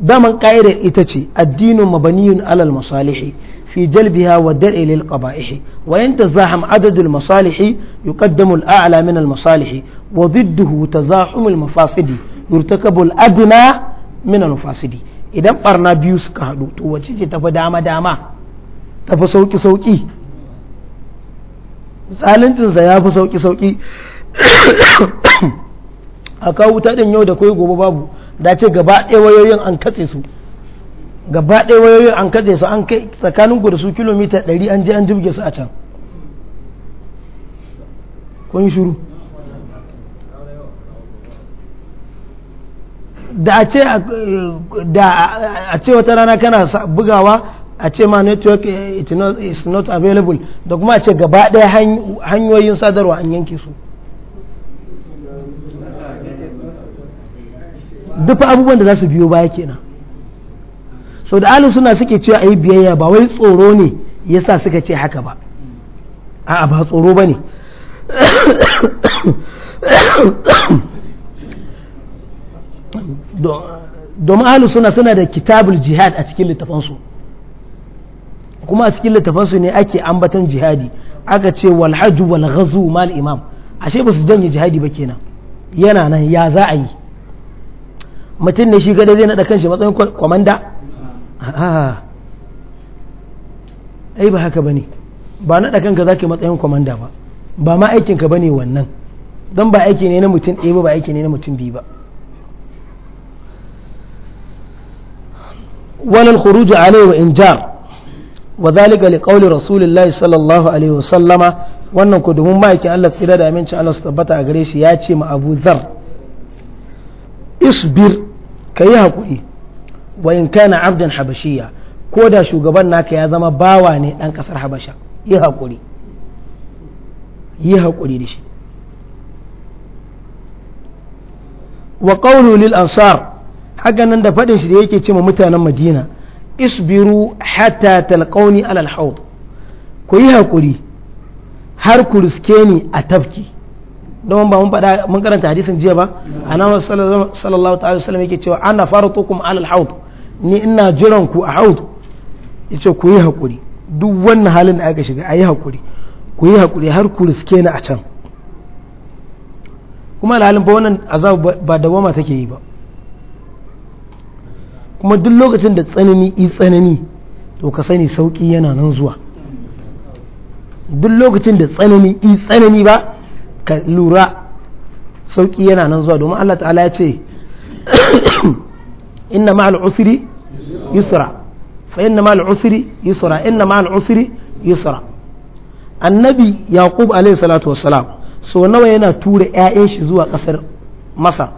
daman ƙa'idar ita ce addinin mabaniyun alal masalihi fi jalbiha wa dar'i lil qaba'ihi wa in tazaham adadul masalihi yuqaddamu al a'la min al masalihi wa didduhu tazahum al mafasidi yurtakabu al adna min al mafasidi idan barna biyu suka hadu to wacce ce tafi dama dama tafi sauki sauki zalincin sa yafi sauki sauki a kawo wuta din yau da kai gobe babu da ce gaba ɗaya wayoyin an katse su gaba ɗaya wayoyin an katse su an kai tsakanin gudu su kilomita 100 an je an jibge su a can kun shuru da a ce eh, da a ce wata rana kana bugawa a ce ma network eh, is not available da kuma a ce gaba ɗaya hanyoyin sadarwa an yanke su duk abubuwan da za su biyo baya kenan so da alin suna suke cewa a yi biyayya ba wai tsoro ne ya sa suka ce haka ba a'a ba tsoro ba ne domin alin suna suna da kitabul jihad a cikin littafansu kuma a cikin littafansu ne ake ambaton jihadi aka ce walhaju walhazu mal imam ashe ba su janye jihadi ba kenan yana nan ya za a yi mutum ne shi gada zai naɗa shi matsayin kwamanda ai ba haka ba ne ba naɗa kanka za ka matsayin kwamanda ba ba ma aikinka ba ne wannan don ba aiki ne na mutum ɗaya ba ba aiki ne na mutum biyu ba wani khuruju alaihi wa injar wa zalika li qawli rasulillahi sallallahu alaihi wa sallama wannan ku domin ma'aikin Allah tsira da amincin Allah su tabbata a gare shi ya ce ma Abu Dharr isbir ka yi haƙuri wa in kana abdan habashiya ko da shugaban naka ya zama bawa ne ɗan ƙasar habasha yi haƙuri yi haƙuri da shi wa qawlu lil ansar haka nan da faɗin shi da yake cewa mutanen madina isbiru hatta talqauni alal haud ku yi haƙuri har ku riske ni a tafki don ba mun faɗa mun karanta hadisin jiya ba annabi sallallahu ta'ala sallam yake cewa ana faratukum alal haud ni ina jiran ku a haud yace ku yi hakuri duk wannan halin da aka shiga ayi hakuri ku yi hakuri har ku riske ni a can kuma alhalin ba wannan azabu ba dawama take yi ba kuma duk lokacin da tsanani i tsanani to ka sani sauki yana nan zuwa duk lokacin da tsanani i tsanani ba ka lura sauki yana nan zuwa domin Allah ta'ala ya ce inna ma'al usri yusra fa inna ma'al usri yusra inna ma'al usri yusra annabi yaqub alaihi salatu wassalam so nawa yana tura ƴaƴan shi zuwa ƙasar masar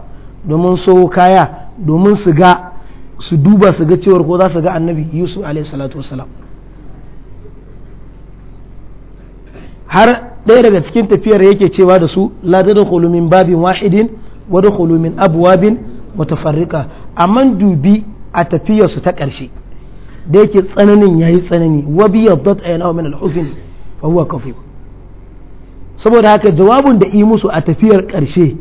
domin so kaya domin su ga su duba su ga cewar ko za su ga annabi yusuf alaihi salatu wassalam har ɗaya daga cikin tafiyar yake cewa da su la tadkhulu min babin wahidin wa dkhulu min abwabin mutafarriqa amma dubi a tafiyarsu ta ƙarshe da yake tsananin yayi tsanani wa biyaddat ayna min al fa huwa saboda haka jawabin da yi musu a tafiyar ƙarshe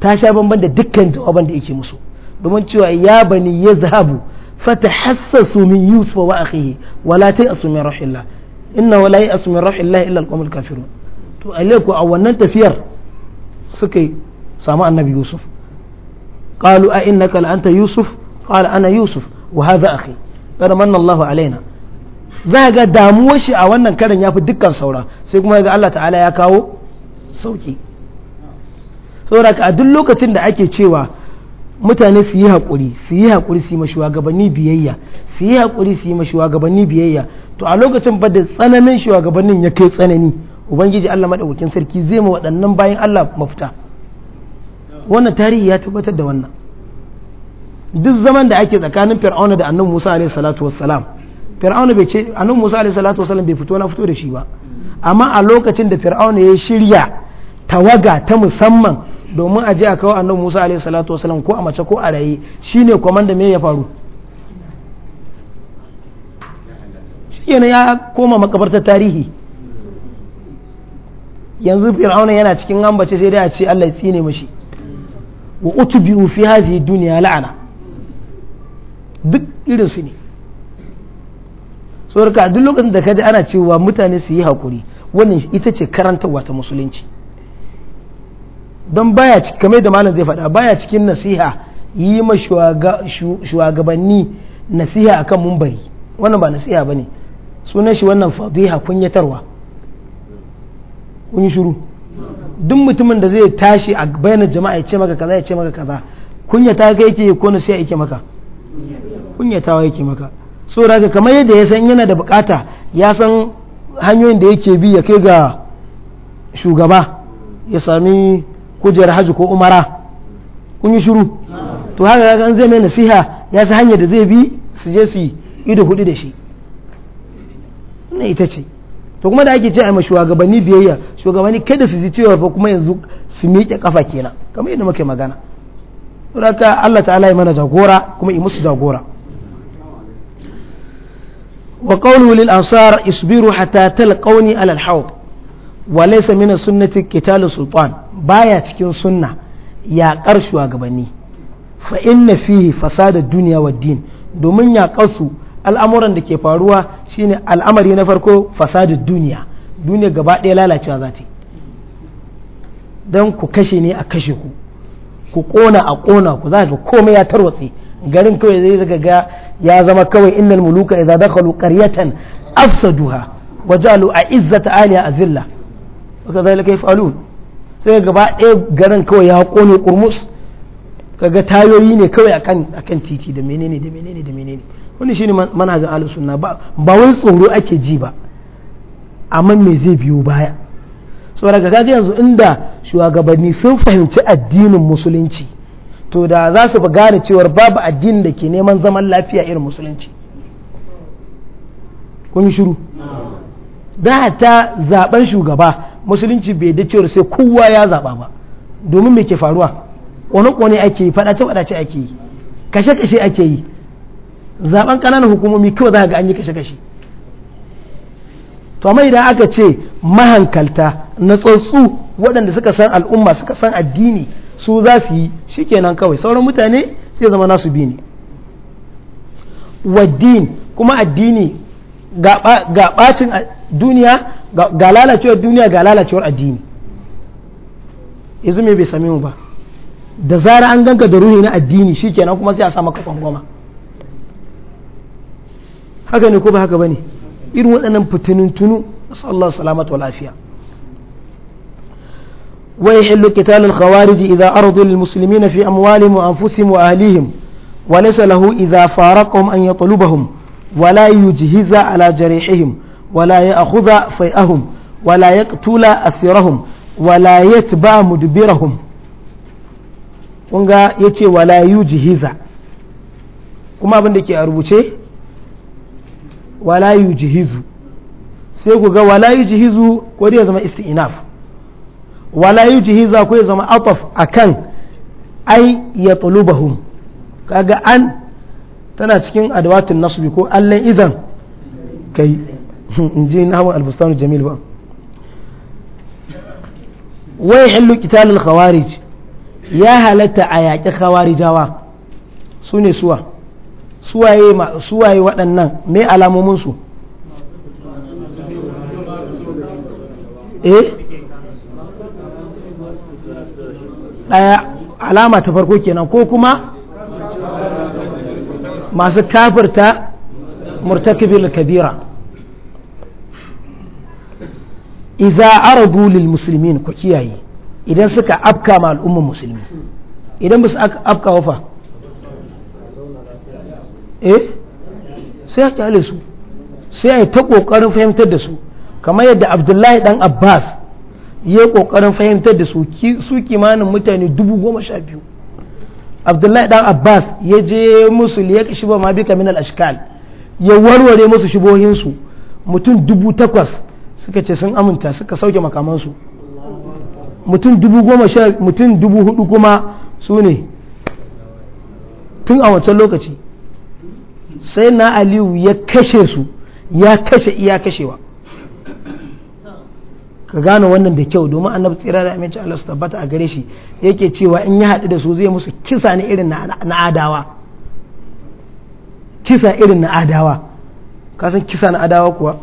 ta sha bamban da dukkan jawaban da yake musu domin cewa ya bani ya zahabu fatahassasu min ba wa akhihi wala ta'asu min rahillah inna wala ya'asu min rahillah illa al kafirun to aleku a wannan tafiyar suka samu annabi yusuf qalu a innaka la anta yusuf qala ana yusuf wa hadha akhi qad manna Allahu alaina za ga damuwar shi a wannan karin yafi dukkan saura sai kuma ga Allah ta'ala ya kawo sauki saboda a duk lokacin da ake cewa mutane su yi haƙuri su yi hakuri su yi gabanni biyayya su yi hakuri su yi shugabanni biyayya to a lokacin ba da tsananin shugabannin ya kai tsanani ubangiji Allah maɗaukakin sarki zai ma waɗannan bayan Allah mafita wannan tarihi ya tabbatar da wannan duk zaman da ake tsakanin fir'auna da annabi Musa alaihi salatu wassalam fir'auna bai ce annabi Musa alaihi salatu wassalam bai fito na fito da shi ba amma a lokacin da fir'auna ya shirya tawaga ta musamman domin a je a kawo annabi Musa alaihi salatu wassalam ko a mace ko a raye shine komanda me ya faru shi ya koma makabartar tarihi yanzu fir'auna yana cikin ambace sai dai a ce Allah ya tsine mashi wa utubi fi hadhihi dunya la'ana duk irin su ne saboda duk lokacin da kaji ana cewa mutane su yi hakuri wannan ita ce karantarwa ta musulunci don baya kamar da malam zai faɗa baya cikin nasiha yi ma shugabanni nasiha akan mumbari wannan ba nasiha bane sunan shi wannan fadiha kunyatarwa kun yi shiru duk mutumin da zai tashi a bayanan jama'a ya ce maka kaza ya ce maka kaza kunyata ka yake ko na sai yake maka kunyatawa yake maka so daga kamar yadda ya san yana da bukata ya san hanyoyin da yake bi ya kai ga shugaba ya sami kujerar haji ko umara kun yi shiru to haka an zai mai nasiha ya san hanyar da zai bi su je su ido hudu da shi ita ce to kuma da ake ce a ma shugabanni biyayya shugabanni kada su ji cewa fa kuma yanzu su miƙe kafa kenan kamar yadda muke magana raka Allah ta'ala ya mana jagora kuma yi musu jagora wa qawlu lil ansar isbiru hatta talqawni ala al hawd wa laysa min sunnati qital sultan baya cikin sunna ya kar shugabanni fa inna fihi fasada dunya wad din domin ya qasu al'amuran da ke faruwa shine al'amari na farko fasadin duniya duniya gaba ɗaya lalacewa za ta don ku kashe ne a kashe ku ku ƙona a ƙona ku za ka komai ya tarwatse garin kawai zai zaga ga ya zama kawai innal muluka idza dakhalu qaryatan afsaduha wajalu a izzata aliya azilla wa kadhalika yaf'alun sai gaba ɗaya garin kawai ya ƙone kurmus kaga tayoyi ne kawai akan kan titi da menene da menene da menene wani shine manhajin ahlus sunna ba ba wai tsoro ake ji ba amma me zai biyo baya saboda ga kaga yanzu inda shugabanni sun fahimci addinin musulunci to da za su gane cewar babu addinin da ke neman zaman lafiya irin musulunci kun shiru da ta zaben shugaba musulunci bai da cewar sai kowa ya zaba ba domin me ke faruwa kone-kone ake yi faɗace fadace ake yi kashe-kashe ake yi zaben ƙananan hukumomi kawai za ga an yi kashe-kashe to amma idan aka ce mahankalta na tsotsu waɗanda suka san al'umma suka san addini su za su yi kenan kawai sauran mutane sai zama nasu bi ne waddin kuma addini ga ɓacin duniya ga lalacewar duniya ga lalacewar addini izumi bai same mu ba da zara an ganka da ruhi na addini shikenan kuma sai a sa maka kwangwama haka ne ko ba haka bane irin waɗannan fitinin tunu sallallahu salamatu wa lafiya wa yahillu qitalul khawarij idza ardu lil muslimina fi amwalihim wa anfusihim wa ahlihim wa laysa lahu idza faraqahum an yatlubahum wa la yujhiza ala jarihihim wa la ya'khudha fai'ahum wa la yaqtula asirahum wa la yatba mudbirahum kunga ga ya ce wala jihiza kuma abin da ke a rubuce walayu jihizu sai ku ga walayu jihizu ko dai ya zama isti'naf walayu jihiza ko ya zama a kan ai ya talubahum kaga an tana cikin adawatun nasbi ko allan idan kai in ji na hawa albustanu jamil ba wai hillu kitalin khawarij ya halatta a yaƙi khawarijawa su ne suwa suwaye waɗannan me alamominsu eh alama ta farko kenan ko kuma masu kafirta murtakibin kabira iza aragu lil musulmin ku kiyaye idan suka afka ma al'umman musulmi idan ba su afka wafa eh sai a kyale su sai a yi ta ƙoƙarin fahimtar da su kamar yadda abdullahi dan abbas ya yi ƙoƙarin fahimtar da su su kimanin mutane dubu goma sha biyu abdullahi dan abbas ya je musu ya shi ba ma bi kamin al'ashikal ya warware musu shibohinsu mutum dubu takwas suka ce sun aminta suka sauke makamansu mutum dubu goma sha mutum dubu hudu kuma su ne tun a wancan lokaci sai na aliyu ya kashe su ya kashe iya kashewa ka gane wannan da kyau domin annabi tsira da aminci Allah su tabbata a gare shi yake cewa in ya haɗu da su zai musu kisa ne irin na adawa kisa irin na adawa ka kisa na adawa kuwa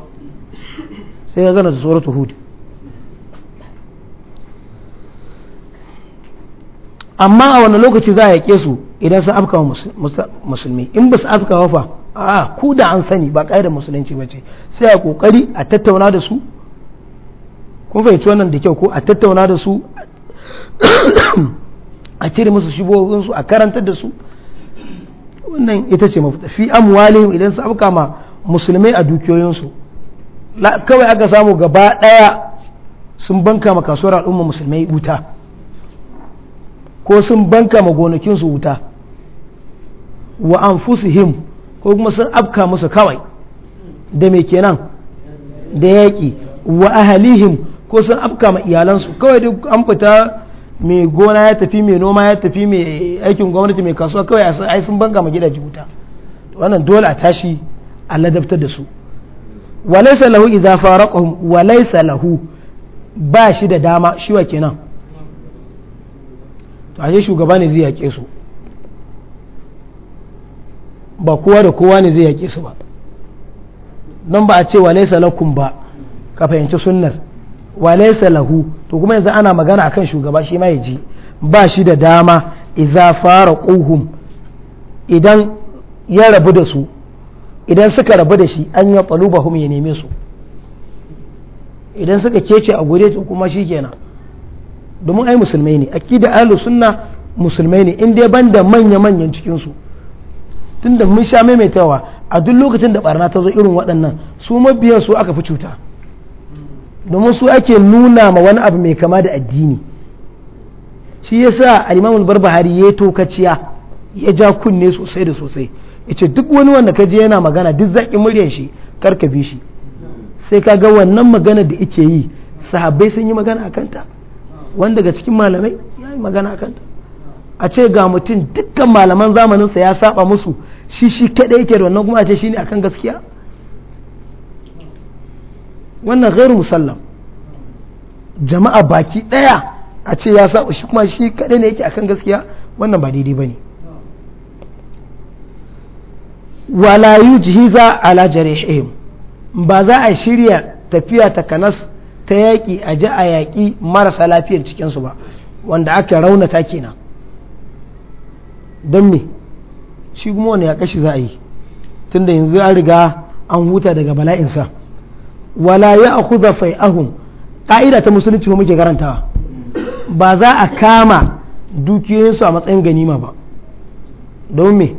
sai ya gana da tsoratu hud amma a wani lokaci za a yaƙe su idan sun afka wa musulmi in ba su afka wa fa a ku da an sani ba ƙa'idar musulunci ba ce sai a ƙoƙari a tattauna da su kun fahimci wannan da kyau ko a tattauna da su a cire musu shibohinsu a karantar da su wannan ita ce mafita fi amwalihim idan sun afka ma musulmai a dukiyoyinsu kawai aka samu gaba ɗaya sun banka ma kasuwar al'umma musulmai wuta ko sun banka ma gonakinsu wuta wa an him ko kuma sun afka musu kawai da me kenan da yaƙi wa ahalihim ko sun afka ma iyalansu kawai duk an fita mai gona ya tafi mai noma ya tafi mai aikin gwamnati mai kasuwa kawai ai sun banka ma gidaje wuta wannan dole a tashi a ladabtar da su walaysa lahu idza faraqahum walaysa lahu ba shi da dama shi wa kenan to a shugaba ne zai yaƙe su ba kowa da kowa ne zai yaƙe su ba don ba a ce wa ba ka fahimci sunnar wa to kuma yanzu ana magana akan shugaba shi ma ya ji ba shi da dama idan fara ƙuhun idan ya rabu da su idan suka rabu da shi an yi ya neme su idan suka kece a gure to kuma shi kenan domin ai musulmai ne aqida ahlus sunna musulmai ne in dai banda manya manyan cikin su tunda mun sha maimaitawa a duk lokacin da barna ta zo irin waɗannan su mabiyan su aka fi cuta domin su ake nuna ma wani abu mai kama da addini shi yasa al-Imam al-Barbahari ya tokaciya ya ja kunne sosai da sosai yace duk wani wanda ka je yana magana duk zaki murya shi kar ka bi shi sai ka ga wannan magana da yake yi sahabbai sun yi magana a kanta wanda daga cikin malamai ya yi magana a ta a ce ga mutum dukkan malaman zamaninsa ya saba musu shi shi kaɗai yake da wannan kuma a ce shi ne akan gaskiya wannan gairu musallam jama'a baki ɗaya a ce ya saba shi kuma shi kaɗai ne yake akan gaskiya wannan ba daidai ba ne wala jihiza ala jarihim ba za a shirya tafiya ta kanas ta yaƙi a ji a yaƙi marasa lafiyar cikinsu ba wanda aka raunata kenan don me shi kuma wani ya kashi za a yi tunda yanzu an riga an huta daga bala'insa wala ya da fai'ahun ƙa'ida ta musulunci ba muke karantawa ba za a kama dukiyoyinsu a matsayin ganima ba don me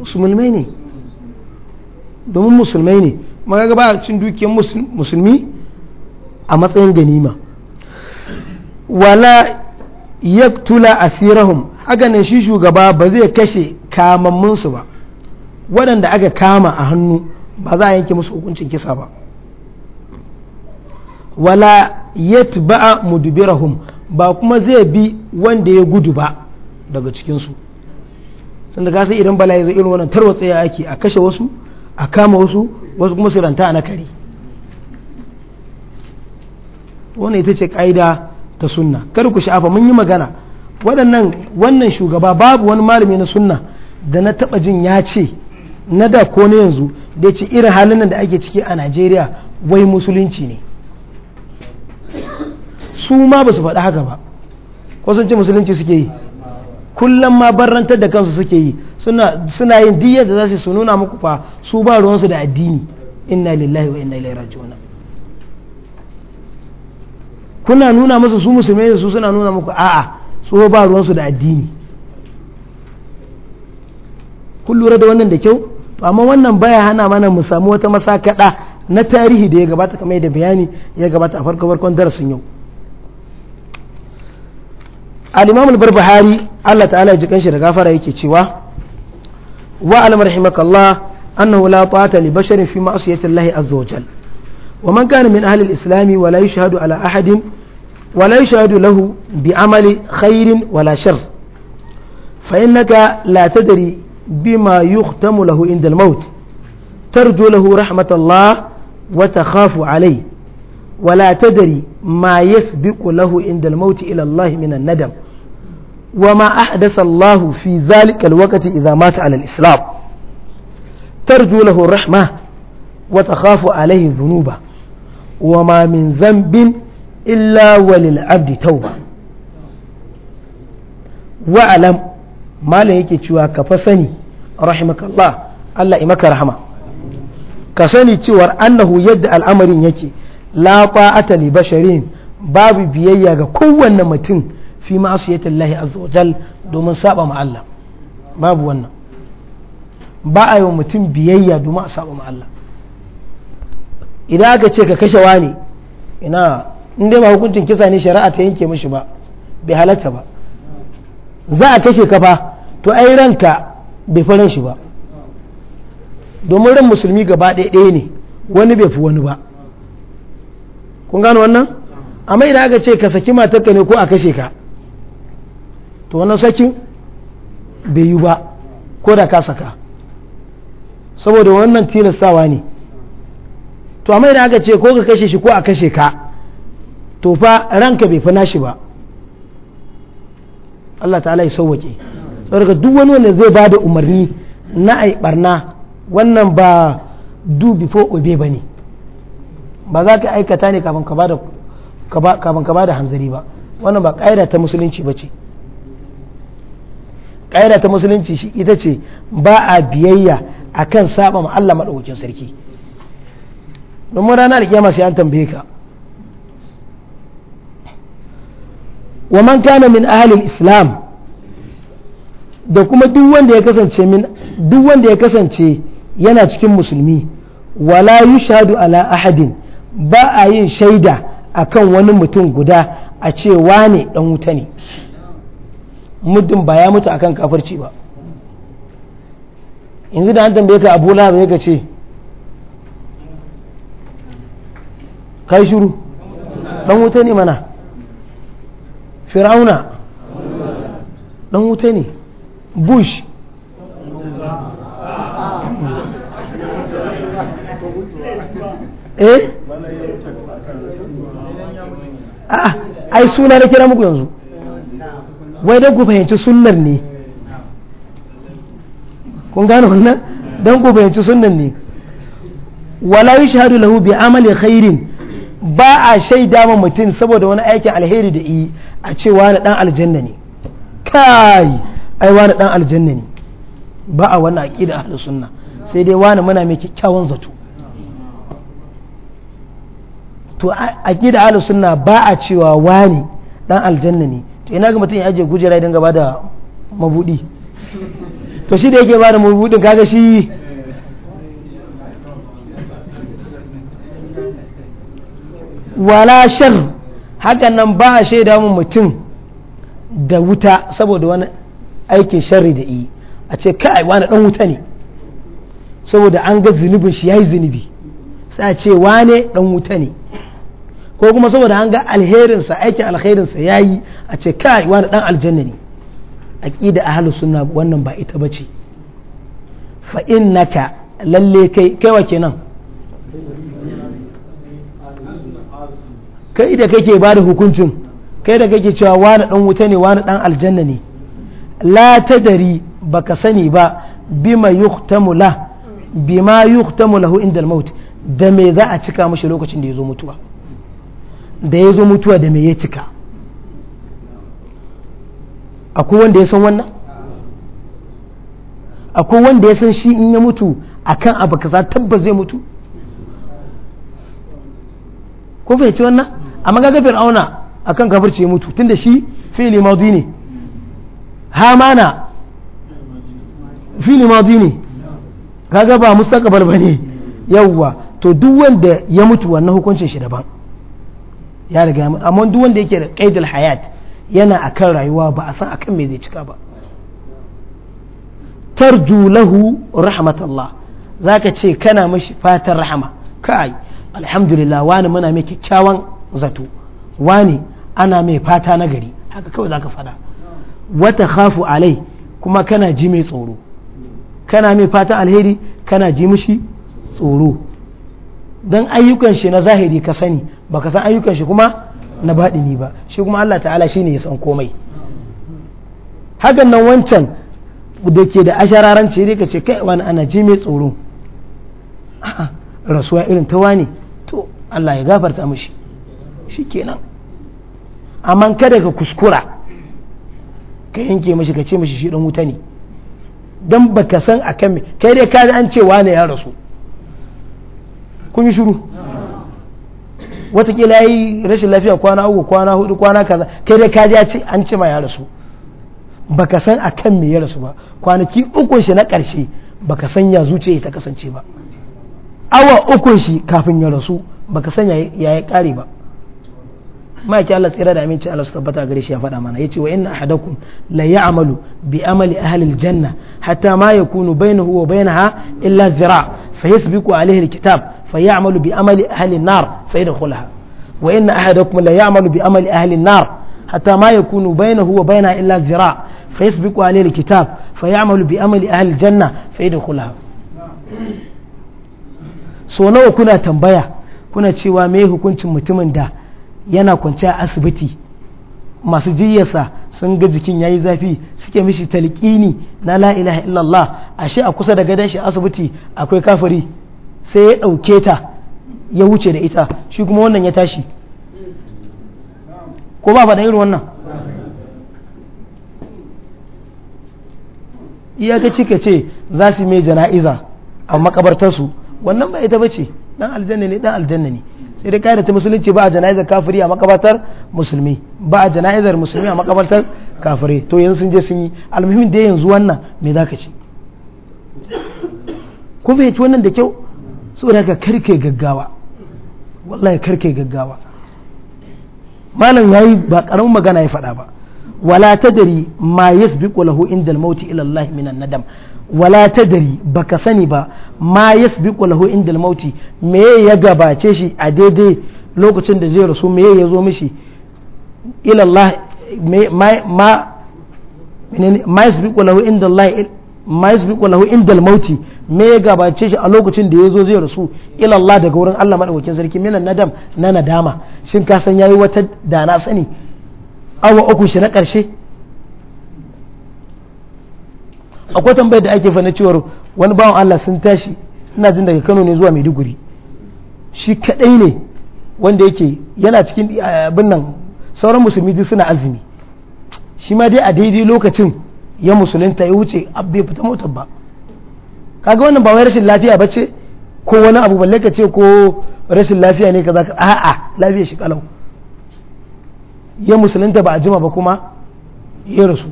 musulmai ne domin musulmai ne maka ga ba cin dukiyar musulmi a matsayin ganima wala ya yaktula asirahum haka nan shi shugaba ba zai kashe kamamminsu ba waɗanda aka kama a hannu ba za a yanke musu hukuncin kisa ba wala yatba'a mudubirahum ba kuma zai bi wanda ya gudu ba daga cikinsu tunda ka sai idan ya zai irin wannan tarwatsa ya ake a kashe wasu a kama wasu wasu kuma su ranta na kare wannan ita ce ƙa'ida ta sunna kar ku sha'afa mun yi magana waɗannan wannan shugaba babu wani malami na sunna da na taɓa jin ya ce na da ko na yanzu da ya ce irin halin nan da ake ciki a najeriya wai musulunci ne su ma ba su faɗi haka ba ko sun ce musulunci suke yi kullum ma barrantar da kansu suke yi suna yin diyyar da za su nuna muku fa su ba ruwansu da addini inna lillahi wa inna ilaihi raji'un kuna nuna musu su musulmai da su suna nuna muku a'a su ba ruwansu da addini kun lura da wannan da kyau to amma wannan baya hana mana mu samu wata masakada na tarihi da ya gabata kamar da bayani ya gabata a farko farkon darasin yau al-imam al-barbahari Allah ta'ala ya ji kanshi da gafara yake cewa wa alam rahimakallah annahu la ta'ata li basharin fi ma'siyati Allah azza wa jal wa man kana min ahli al-islam wa la yashhadu ala ahadin wa la yashhadu lahu bi amali khairin wa la shar fa innaka la tadri bima yuhtamu lahu inda al-maut tarju lahu rahmatallah wa takhafu alayhi ولا تدري lahu يسبق له عند ila إلى الله من وما أحدث الله في ذلك الوقت إذا مات على الإسلام ترجو له الرحمة وتخاف عليه ذنوبه وما من ذنب إلا وللعبد توبة wa'alam malam yake cewa ka fa sani rahimakallah Allah imaka rahama ka sani cewar annahu yadda al'amarin yake lafa ta'ata li babu biyayya ga kowanne mutum fi Allah azza jal domin saba ma Allah babu wannan ba a yi wa mutum biyayya domin a saba ma Allah idan aka ce ka kashe wani ina in dai ba hukuncin kisa ne shari'a ta yanke mishi ba bai halatta ba za a kashe ka fa to ai ranka bai farin shi ba domin ran musulmi gaba ɗaya ne wani bai fi wani ba kun gano wannan amma idan aka ce ka saki matarka ne ko a kashe ka to wannan sakin bai yi ba ko da ka saka saboda wannan tilastawa ne to amma idan aka ce ko ka kashe shi ko a kashe ka to fa ranka bai fi nashi ba Allah ta'ala ya sauwake daga duk wani wanda zai ba da umarni na ai barna wannan ba do before obey ba ne ba za ka aikata ne kafin ka ba da hanzari ba wannan ba ƙa'ida ta musulunci ba ce ƙa'ida ta musulunci shi ita ce ba a biyayya kan saba ma Allah maɗaukacin sarki domin ranar kiyama sai an tambaye ka wa man kana min ahalin islam da kuma duk wanda ya kasance yana cikin musulmi wala shahadu ala ahadin ba a yin shaida a kan wani mutum guda a ce wane dan wuta ne muddin ba ya mutu akan kafirci ba yanzu da an tambaye ka abu lahab ya ka ce kai shiru dan wuta ne mana fir'auna dan wuta ne bush eh ai suna na kira muku yanzu wai don ku fahimci sunnar ne kun gane wannan don ku fahimci sunnar ne wala yi shahadu lahu bi amali khairin ba a shaida ma mutum saboda wani aikin alheri da yi a ce wani dan aljanna ne kai ai wani dan aljanna ne ba a wannan aqida ahlus sunna sai dai wani muna mai kyakkyawan zato to aqida ahlus sunna ba a cewa wani dan aljanna ne to ina ga mutum ya ajiye gujera idan gaba da mabudi to shi da yake ba da mabudin kaga shi wala shar hakan nan ba a shaida mu mutum da wuta saboda wani aikin sharri da yi a ce kai wani dan wuta ne saboda an ga zunubin shi yayi zunubi sai a ce wane dan wuta ne ko kuma saboda an ga alherinsa aikin alherinsa ya yi a ce kai wani dan aljanna ne da ahlu sunna wannan ba ita ba ce fa innaka lalle kai kaiwa kenan kai da kake ba da hukuncin kai da kake cewa wani dan wuta ne wani dan aljanna ne la ba ka sani ba bima yuhtamu la bima yuhtamu lahu inda da me za a cika mashi lokacin da ya zo mutuwa da ya zo mutuwa da me ya cika akwai wanda ya san wannan akwai wanda ya san shi in ya mutu kan abu kaza tabbas zai mutu ko fahimci wannan amma ga gafir auna kan kafirci ya mutu tun da shi fi'li mazi ne hamana fi'li mazi ne kaga ba mustaqbal ne yawwa to duk wanda ya mutu wannan hukuncin shi daban ya riga mu amma duk wanda yake da qaidul hayat yana akan rayuwa ba a san akan me zai cika ba tarju lahu rahmatullah zaka ce kana mashi fatan rahama kai alhamdulillah wani muna mai kyakkyawan zato wani ana mai fata na gari haka kawai zaka fada wata khafu alai kuma kana ji mai tsoro kana mai fatan alheri kana ji mishi tsoro don ayyukan shi na zahiri ka sani ba ka san ayyukan shi kuma na baɗini ba shi kuma Allah ta'ala shi ne ya san komai hakan nan wancan da ke da ashararanci ne ka ce kai wani ana ji mai tsoro rasuwa irin ta wani to Allah ya gafarta mashi shi kenan amma kada ka kuskura ka yanke mashi ka ce mashi shi dan wuta ne don baka san akan me kai dai ka an ce wani ya rasu kun yi shiru watakila ya yi rashin lafiya kwana uku kwana hudu kwana kaza kai dai kaji ya ce an ce ma ya rasu ka san a kan me ya rasu ba kwanaki ukun shi na ƙarshe ka san ya zuciya ta kasance ba awa ukun shi kafin ya rasu ka san ya yi kare ba ma'aikin Allah tsira da aminci Allah su tabbata gare shi ya faɗa mana yace wa inna ahadakum la ya'malu bi amali ahli aljanna hatta ma yakunu bainahu wa bainaha illa zira fa yasbiqu alayhi alkitab فيعمل بعمل أهل النار فيدخلها وإن أحدكم لا يعمل بعمل أهل النار حتى ما يكون بينه وبينها إلا ذراع فيسبق عليه الكتاب فيعمل بعمل أهل الجنة فيدخلها so nawa kuna tambaya kuna cewa mai hukuncin mutumin da yana kwanci a asibiti masu jiyyarsa sun ga jikin yayi zafi suke mishi talqini na la ilaha illallah ashe a kusa da gadon shi asibiti akwai kafiri sai ya ɗauke ta ya wuce da ita shi kuma wannan ya tashi ko ba faɗa irin wannan iya ka ce za su mai jana'iza a makabartarsu wannan ba ita bace ɗan aljanna ne ɗan aljanna ne sai dai da ta musulunci ba a jana'izar kafiri a makabartar musulmi ba a jana'izar musulmi a makabartar kafirai to yanzu sun je sun yi almuhim da yanzu wannan mai za ka ci kun fahimci wannan da kyau saboda ka karke gaggawa wallahi karke gaggawa malam yayi ba karamin magana ya faɗa ba wala tadari ma yasbiqu lahu indal maut ila Allah minan nadam wala tadari baka sani ba ma yasbiqu lahu indal maut me ya gabace shi a daidai lokacin da zai rasu me ya zo mishi ila Allah ma ma ma yasbiqu lahu indal Allah ma yasbiqu lahu indal mauti me ya gabace shi a lokacin da ya zo zai rasu ila daga wurin Allah madaukakin sarki minan nadam na nadama shin ka san yayi wata da na sani awa uku shi na karshe akwai tambayar da ake fa na cewar wani bawan Allah sun tashi ina jin daga Kano ne zuwa Maiduguri shi kadai ne wanda yake yana cikin eh, abin nan sauran musulmi duk suna azumi shi ma dai a daidai lokacin ya musulunta ya wuce abu bai fita motar ba kaga wannan ba wai rashin lafiya ba ce ko wani abu balle ka ce ko rashin lafiya ne za ka a'a lafiya shi kalau ya musulunta ba a jima ba kuma ya rasu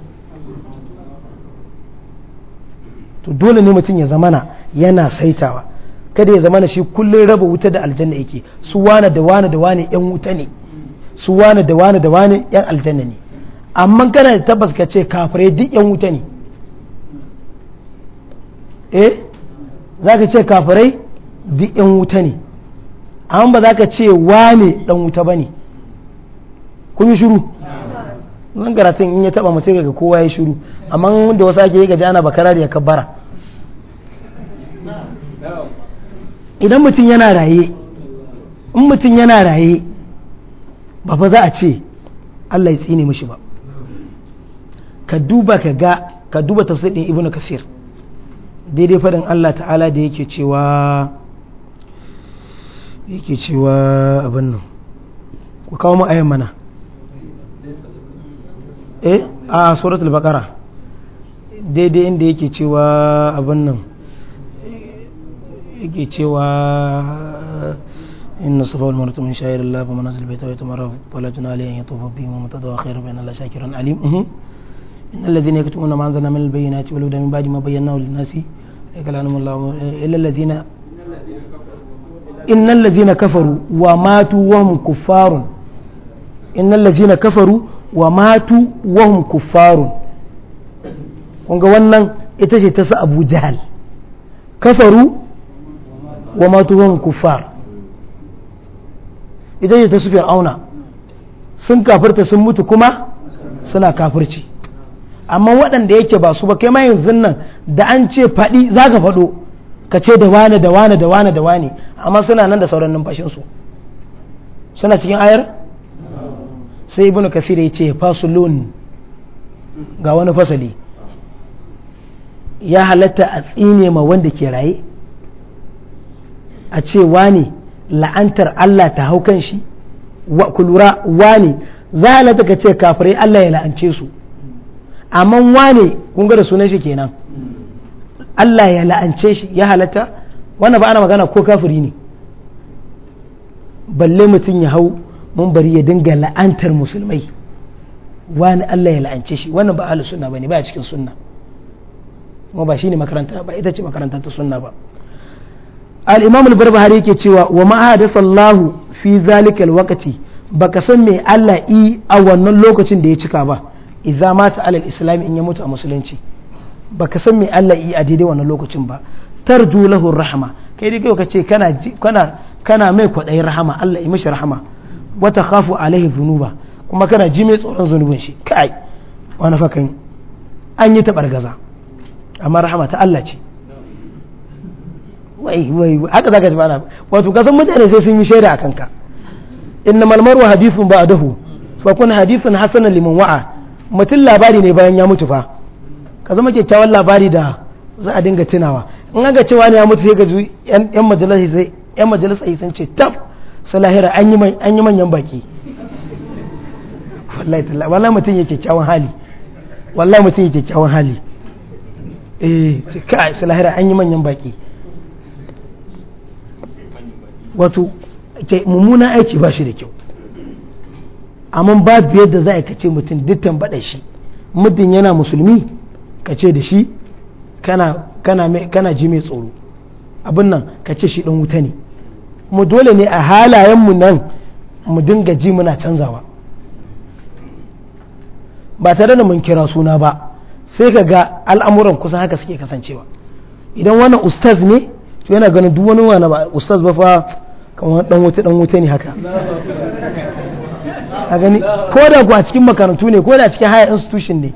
to dole ne mutum ya zamana yana saitawa kada ya zamana shi kullum raba wuta da aljanna yake su wane da wane da wane yan wuta ne su wane da wane da wane yan aljanna ne amma kana da tabbas ka ce kafirai duk yan wuta ne eh za ka ce kafirai duk yan wuta ne amma ba za ka ce wane dan wuta ba ne kun yi shuru zan karatun in ya taba sai ga kowa ya shuru amma da wasu ake yi ga jana bakarar da ya kabbara idan mutum yana raye in mutum yana raye ba fa za a ce Allah ya tsine mishi ba ka duba ka ga ka duba tafsir din ibnu kasir daidai fadin Allah ta'ala da yake cewa yake cewa abin nan ku kawo mu ayan mana eh a suratul baqara daidai inda yake cewa abin nan yake cewa إن الصفا والمروة من شعائر الله فمن نزل بيته ويتمرى فلا جنى عليه أن يطوف بهم ومن تطوع خيرا الله شاكرا عليم إن الذين يكتمون ما أنزلنا من البينات والهدى من بعد ما بيناه للناس يكلمهم الله إلا الذين إن الذين كفروا وماتوا وهم كفار إن الذين كفروا وماتوا وهم كفار kunga wannan ita ce ta su abu jahal kafaru wa matuwan kuffar ita ce ta su fir'auna sun kafirta sun mutu kuma suna kafirci amma waɗanda yake ba su ba kai ma yanzu nan da an ce faɗi za ka faɗo ka ce da wane da wane da wane da wane amma suna nan da sauran numfashin su suna cikin ayar sai ibnu kafir ya ce fasulun ga wani fasali ya halatta a tsine ma wanda ke raye a ce wane la'antar Allah ta hau kan shi wa kulura wane za a halatta ka ce kafirai Allah ya la'ance su amma wane kun ga da sunan shi kenan Allah ya la'ance shi ya halatta wannan ba ana magana ko kafiri ne balle mutum ya hau mun bari ya dinga la'antar musulmai wani Allah ya la'ance shi wannan ba ahlus sunna bane ba a cikin sunna kuma ba shine makaranta ba ita ce makaranta ta sunna ba al-imam al-barbahari yake cewa wa ma hadathallahu fi zalika al-waqti baka san me Allah i a wannan lokacin da ya cika ba idza mata alal islam in ya mutu a musulunci baka san me Allah yi a daidai wannan lokacin ba tarju lahu rahma kai dai kai kace kana kana kana mai kwadai rahama Allah yi mishi rahama wa takhafu alaihi dhunuba kuma kana ji mai tsoron zunubin shi kai wani fakan an yi tabargaza amma rahama ta Allah ce wai wai haka zaka ji mana wato kasan mutane sai sun yi shaida akan ka innamal marwa hadithun ba'dahu fa kun hadithun hasanan liman wa'a mutum labari ne bayan ya mutu fa ka zama kyakkyawan labari da za a dinga tunawa in aka cewa ne ya mutu sai ga yan majalisa sai yan majalisa sun ce tab su lahira an yi manyan baki wallahi tallahi wallahi mutum yake kyakkyawan hali wallahi mutum yake kyakkyawan hali eh cika su lahira an yi manyan baki wato mummuna aiki ba shi da kyau amma babu da za ka ce mutum dittan baɗa shi muddin yana musulmi ka ce da shi kana ji mai tsoro abin nan ka ce shi ɗan wuta ne mu dole ne a halayenmu nan mu dinga ji muna canzawa ba tare da mun kira suna ba sai ka ga al'amuran kusan haka suke kasancewa idan wani ustaz ne to yana ganin duk wani wani ba ustaz ba fa kamar dan wuta dan wuta ne haka a gani ko da ku a cikin makarantu ne ko da cikin higher institution ne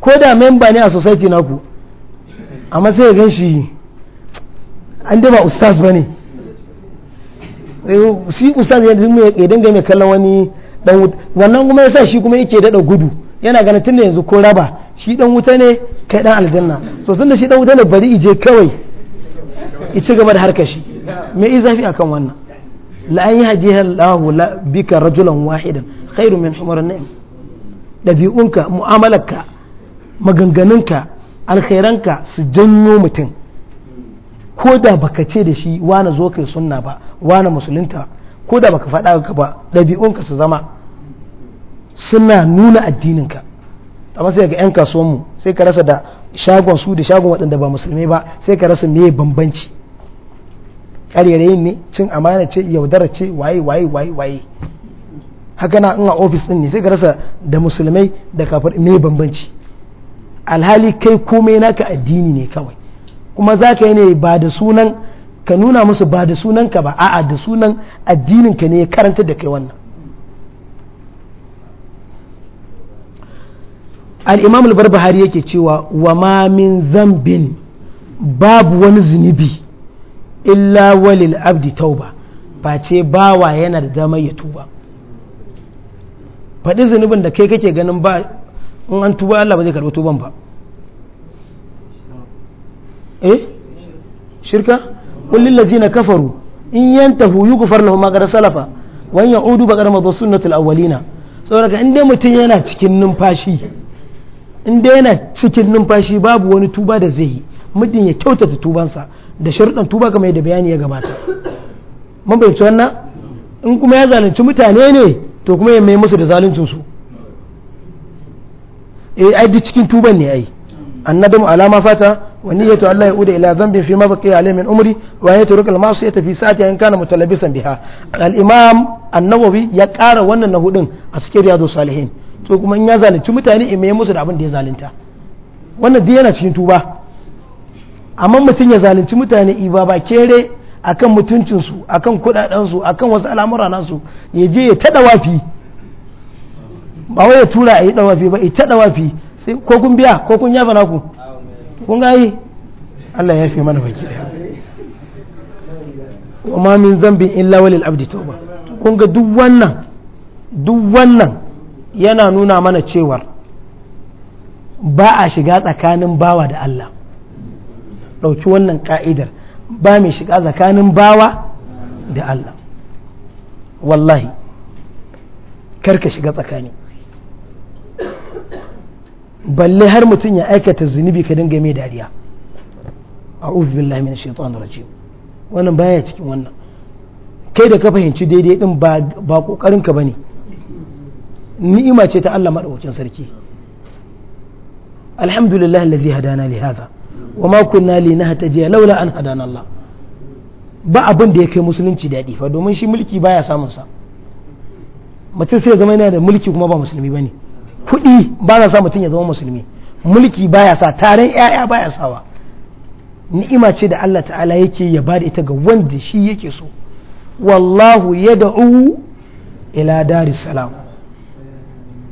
ko da memba ne a society naku amma sai ya gan shi an dama ustaz ba ne shi ustaz ya dinga mai kallon wani dan wuta wannan kuma yasa shi kuma yake dada gudu yana ganin tunda yanzu ko raba shi dan wuta ne kai dan aljanna so tunda shi dan wuta ne bari ije kawai ya ci gaba da harkar shi me zafi akan wannan la an yahdiha Allah bika rajulan wahidan khairu min humar na'im dabi'unka mu'amalaka maganganunka alkhairanka su janyo mutum ko da baka ce da shi wani zo kai sunna ba wani musulunta ko da baka faɗa ka ba ɗabi'unka su zama suna nuna addininka amma sai ga 'yan kasuwanmu sai ka rasa da shagon su da shagon waɗanda ba musulmai ba sai ka rasa me bambanci ƙarerayin ne cin amana ce yaudara ce waye waye waye waye haka na ina ofis din ne sai ka rasa da musulmai da kafir ne bambanci alhali kai komai naka addini ne kawai kuma za ka yi ne ba da sunan ka nuna musu ba da sunan ka ba a'a da sunan addinin ka ne ya karanta da kai wannan al-imam al-barbahari yake cewa wa ma min zambin babu wani zunubi illa walil abdi tauba ba ce bawa yana da damar ya tuba faɗi zunubin da kai kake ganin ba in an tuba Allah ba zai karɓi tuban ba eh shirka kullin na kafaru in yantahu yughfar lahum ma qad salafa wa in ya'udu ba qad madu sunnatul awwalina saboda in dai mutum yana cikin numfashi in dai yana cikin numfashi babu wani tuba da zai yi mutum ya kyautata tubansa da sharuɗan tuba kamar yadda bayani ya gabata mun bai wannan in kuma ya zalunci mutane ne to kuma ya mai musu da zaluncin su eh ai duk cikin tuban ne ai annadamu alama fata wa niyyatu Allah ya uda ila dhanbin fi ma baqiya alayhi min umri wa yatruku al-ma'siyata fi sa'ati in kana mutalabisan biha al-imam an-nawawi ya ƙara wannan na hudun a cikin riyadu salihin to kuma in ya zalunci mutane in mai musu da abin da ya zalunta wannan duk yana cikin tuba amma mutum ya zalunci mutane iba ba kere akan mutuncinsu akan kudadensu akan wasu al'amura nasu ya je ya taɗa wafi ba wai ya tura a yi ɗawafi ba ya taɗa wafi sai ko kun biya ko kun yafa naku kun gayi Allah ya fi mana baki daya wa ma min zambin illa walil abdi tauba kun ga duk wannan duk wannan yana nuna mana cewar ba a shiga tsakanin bawa da Allah ɗauki wannan ka'idar ba mai shiga tsakanin bawa da Allah wallahi karka shiga tsakani balle har mutum ya aikata zunubi ka dinga mai dariya a billahi minash shaitanir rajim wannan baya cikin wannan kai da ka fahimci daidai din ba kokarin ka bane ni'ima ce ta Allah madaukakin sarki alhamdulillah alladhi hadana li hadha wa ma kunna li nahtajiya laula an hadana Allah ba abin da ya kai musulunci daɗi fa domin shi mulki baya samun sa mutum sai ya zama yana da mulki kuma ba musulmi bane kuɗi ba za sa mutum ya zama musulmi mulki baya sa taron ƴaƴa baya sawa ni'ima ce da Allah ta'ala yake ya bada ita ga wanda shi yake so wallahu yad'u ila daris salam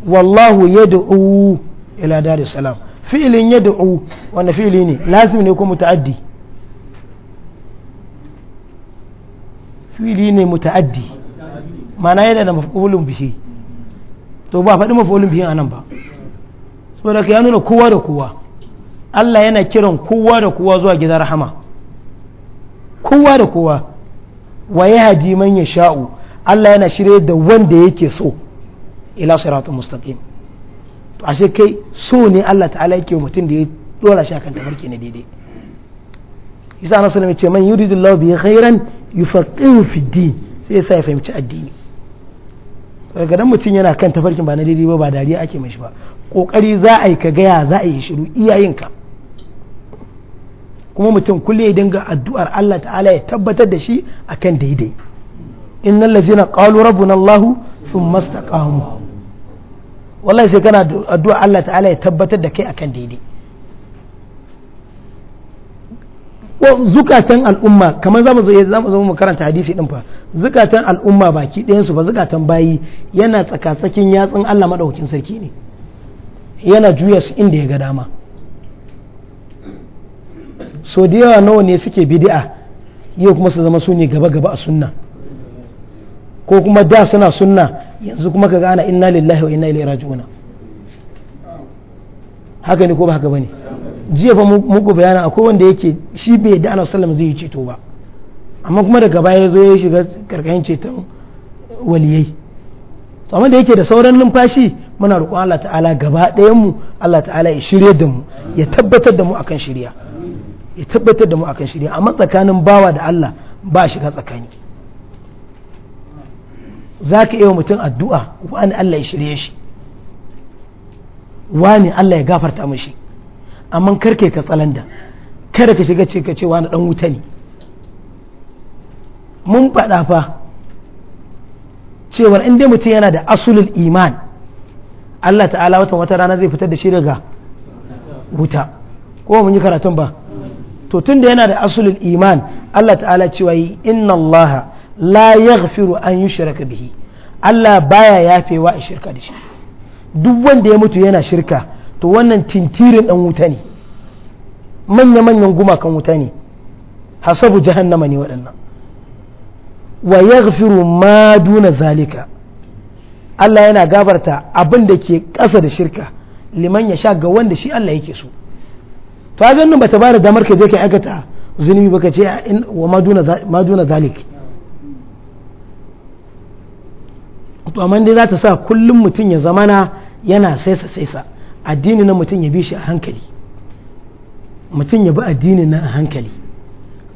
wallahu yad'u ila daris salam fi'ilin ya da'u wanda fi'ili ne lazim ne ko muta'addi fi'ili ne muta'addi mana yana da mafulun bishi to ba faɗi mafulun bishi a nan ba saboda ka ya nuna kowa da kowa Allah yana kiran kowa da kowa zuwa gidan rahama kowa da kowa wa ya haji man ya sha'u Allah yana shirye da wanda yake so ila siratun mustaqim ashe kai so ne Allah ta'ala yake mutum da ya dora shi akan tafarki na daidai isa na sallama ce man yuridu Allah bi khairan yufaqihu fi din sai yasa ya fahimci addini daga dan mutum yana kan tafarkin ba na daidai ba ba dariya ake mashi ba kokari za a yi ka gaya za a yi shiru iyayenka kuma mutum kulle ya dinga addu'ar Allah ta'ala ya tabbatar da shi akan daidai innal ladzina qalu rabbuna Allah thumma istaqamu wallahi sai kana addu'a Allah ta'ala ya tabbatar da kai akan daidai zukatan al'umma kamar zamu zo zamu zo mu karanta hadisi din fa zukatan al'umma baki ɗayan su ba zukatan bayi yana tsakatsakin yatsun Allah madaukakin sarki ne yana juya su inda ya ga dama so da yawa nawa ne suke bid'a yau kuma su zama su gaba gaba a sunna ko kuma da suna sunna yanzu kuma ka gana inna lillahi wa inna ilaihi raji'un haka ne ko ba haka bane jiya fa muku bayana akwai wanda yake shi bai da Allah sallam zai yi ceto ba amma kuma daga baya ya zo ya shiga karkashin ceton waliyai to amma da yake da sauran numfashi muna roƙon Allah ta'ala gaba ɗayan mu Allah ta'ala ya shirye da mu ya tabbatar da mu akan shirya ya tabbatar da mu akan shirya amma tsakanin bawa da Allah ba shiga tsakani za ka iya mutum addu'a wani Allah ya shirye shi wani Allah ya gafarta mashi amma karke ka tsalanda kada ka shiga ce ka ce wani ɗan wuta ne mun faɗa fa cewar inda mutum yana da asulul iman Allah ta'ala watan wata rana zai fitar da shi daga wuta ko mun yi karatun ba to tun da yana da asulul iman Allah ta'ala cewa yi inna Allah la yaghfiru an shirka bihi Allah baya yafewa a shirka da shi duk wanda ya mutu yana shirka to wannan tintirin dan wuta ne manya-manyan gumakan wuta ne hasabu jahannama ne waɗannan wa yaghfiru ma duna zalika Allah yana gabarta abin da ke ƙasa da shirka liman ya sha ga wanda shi Allah yake so to a ganin ba ta bada damar ka je ka aikata zunubi ba ka ce ah, wa maduna zalik to amma dai za ta sa kullum mutum ya zamana yana saisa saisa addini na mutum ya bi shi a hankali mutum ya bi addini na a hankali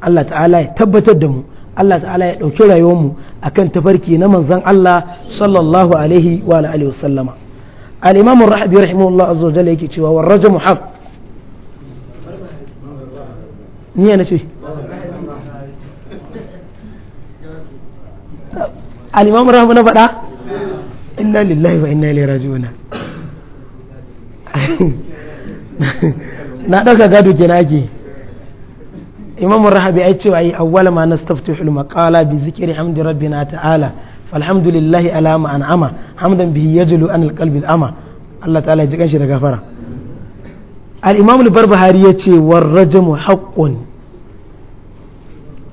Allah ta'ala ya tabbatar da mu Allah ta'ala ya ɗauki rayuwarmu a kan tafarki na manzan Allah sallallahu alaihi wa alihi wasallama al-imam rahabi rahimahullah azza wa jalla yake cewa war rajmu haq ni yana ce al rahabi na faɗa inna lillahi wa inna ilaihi raji'un na ɗauka gado ke ake imam rahabi ai cewa yi awwala ma nastaftihu al-maqala bi zikri hamdi rabbina ta'ala falhamdulillahi ala ma an'ama hamdan bihi yajlu an al-qalbi al-ama Allah ta'ala ya ji kanshi da gafara al-imam al-barbahari yace war rajamu haqqun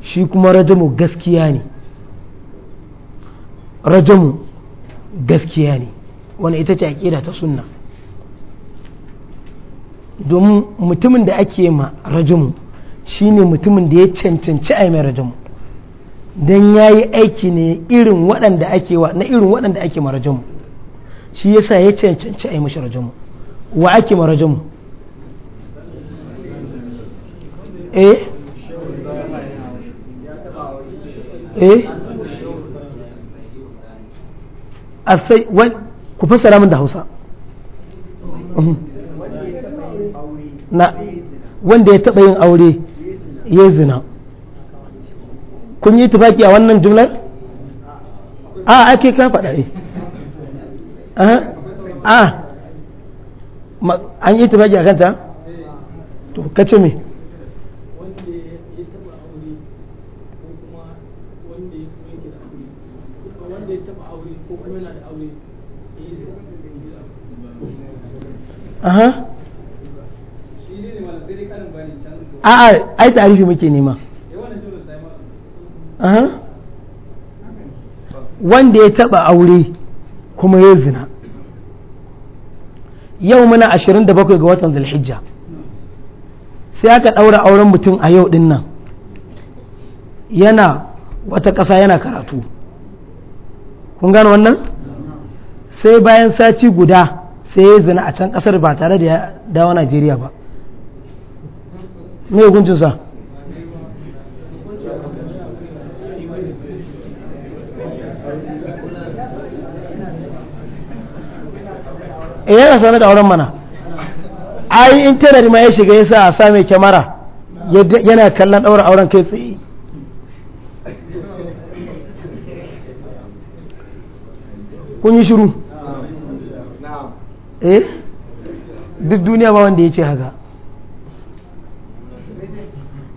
shi kuma rajamu gaskiya ne rajamu gaskiya ne wani ita ce aƙida ta sunna domin mutumin da ake ma rajumu shine mutumin da ya cancanci a mai rajumu don ya yi aiki ne irin waɗanda ake wa na irin waɗanda ake ma rajumu shi ya sa ya cancanci a yi mashi rajumu wa ake ma rajumu eh eh ku fassara min da hausa na wanda ya taɓa yin aure ya zina kun yi tufaki a wannan jumlar a ake ka faɗa a an yi tufaki a kanta to kace me A'a, ai tarihi muke nema wanda ya taba aure kuma ya zina yau muna 27 ga watan zulhijja sai aka ɗaura auren mutum a yau din nan yana wata ƙasa yana karatu kun gano wannan sai bayan sati guda sai ya zina a can kasar ba tare da ya dawo najeriya ba me hukuncinsa eh yana sanar da auren mana ai intanet ma ya shiga ya sa a mai kyamara yana kallon daura auren kai tsaye kun yi shiru eh duk duniya ba wanda ya ce haka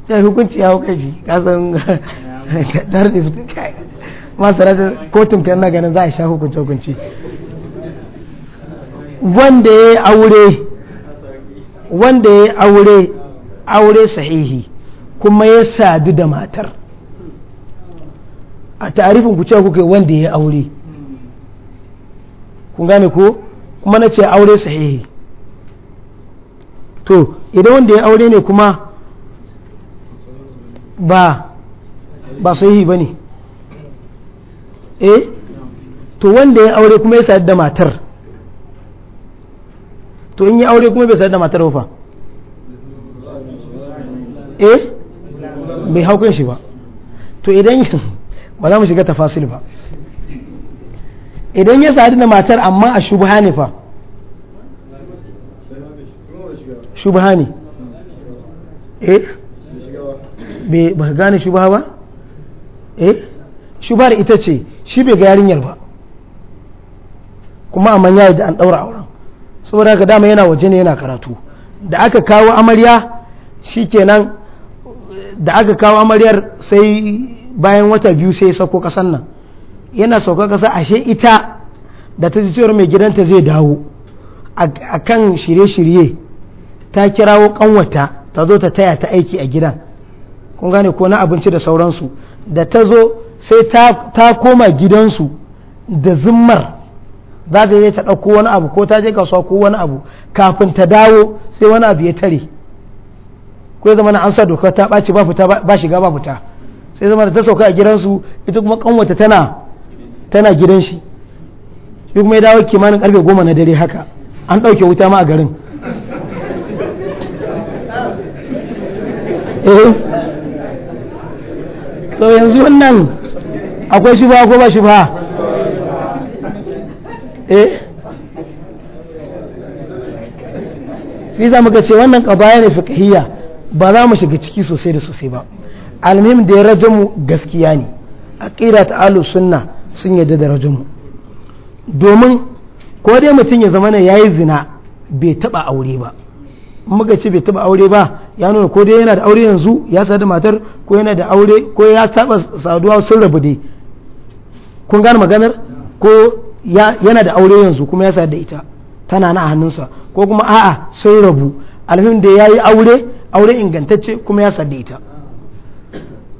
sai hukunci ya hukai shi kasan dar da fitin kai masu da kotun kan na ganin za a sha hukunci hukunci wanda ya aure wanda ya aure aure sahihi kuma ya sadu da matar a tarifin ku cewa kuke wanda ya aure kun gane ko mana ce aure sahihi to idan wanda ya aure ne kuma ba ba sahihi ba ne eh to wanda ya aure kuma ya sayar da matar to in ya aure kuma bai sayar da matar ba eh bai haukan shi ba to idan ba za mu shiga tafasil ba idan ya sadu da matar amma a shubha ne fa shubha ne eh ba gane shubha ba eh shubhar ita ce shi bai ga yarinyar ba kuma amma ya da an daura auren saboda haka dama yana waje ne yana karatu da aka kawo amarya shikenan da aka kawo amaryar sai bayan wata biyu sai ya sauko kasan nan yana sauka kasa ashe ita da ta cewar mai gidanta zai dawo a kan shirye-shirye ta kirawo kanwata ta zo ta taya ta aiki a gidan kun gane ko na abinci da sauransu da ta zo sai ta koma gidansu da zimmar za ta je ta ɗauko wani abu ko ta je kasuwa ko wani abu kafin ta dawo sai wani abu ya tare ko zama na an sa doka ta ɓaci ba fita ba shiga ba fita sai zama da ta sauka a gidansu ita kuma kanwata tana tana gidan shi shi kuma ya dawo kimanin karfe goma na dare haka an ɗauke wuta ma a garin so eh. yanzu wannan akwai shi ba ko ba shi ba eh shi za mu ga ce wannan kabaya ne fiqhiyya ba za mu shiga ciki sosai da sosai ba almim da ya mu gaskiya ne ƙira ta alu sunna sun yadda da mu domin ko dai mutum ya zama ne yayi zina bai taɓa aure ba muka ce bai taba aure ba ya nuna ko dai yana da aure yanzu ya sadu matar ko yana da aure ko ya taba saduwa sun rabu dai kun gane maganar ko yana da aure yanzu kuma ya sadu da ita tana na a hannunsa ko kuma a'a sun rabu alhim da ya yi aure aure ingantacce kuma ya sadu da ita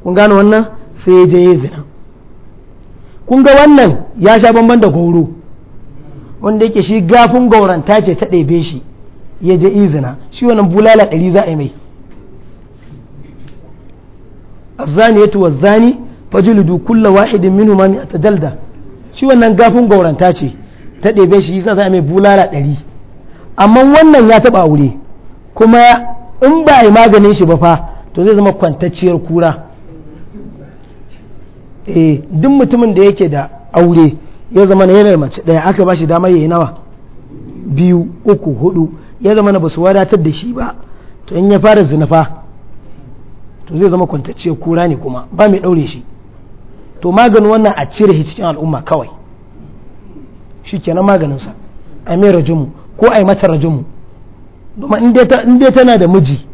kun gane wannan sai ya je ya zina kun ga wannan ya sha bamban da goro wanda yake shi gafin gauranta ce ta ɗebe shi ya je izina shi wannan bulala ɗari za a yi mai azani yato wa zani fajilidu kulla wahidin minu ma ta tajalda shi wannan gafin gauranta ce ta ɗebe shi yasa za a mai bulala ɗari amma wannan ya taɓa aure kuma in ba a yi maganin shi ba fa to zai zama kwantacciyar kura eh duk mutumin da yake da aure ya zama na yanar mace ɗaya aka ba shi damar yayi nawa biyu uku hudu ya zama na basu wadatar da shi ba to in ya fara zinafa to zai zama kwantacce kura ne kuma ba mai ɗaure shi to maganin wannan a cire shi cikin al'umma kawai shi kenan maganinsa a mai rajinmu ko a yi mata rajinmu domin in dai tana da miji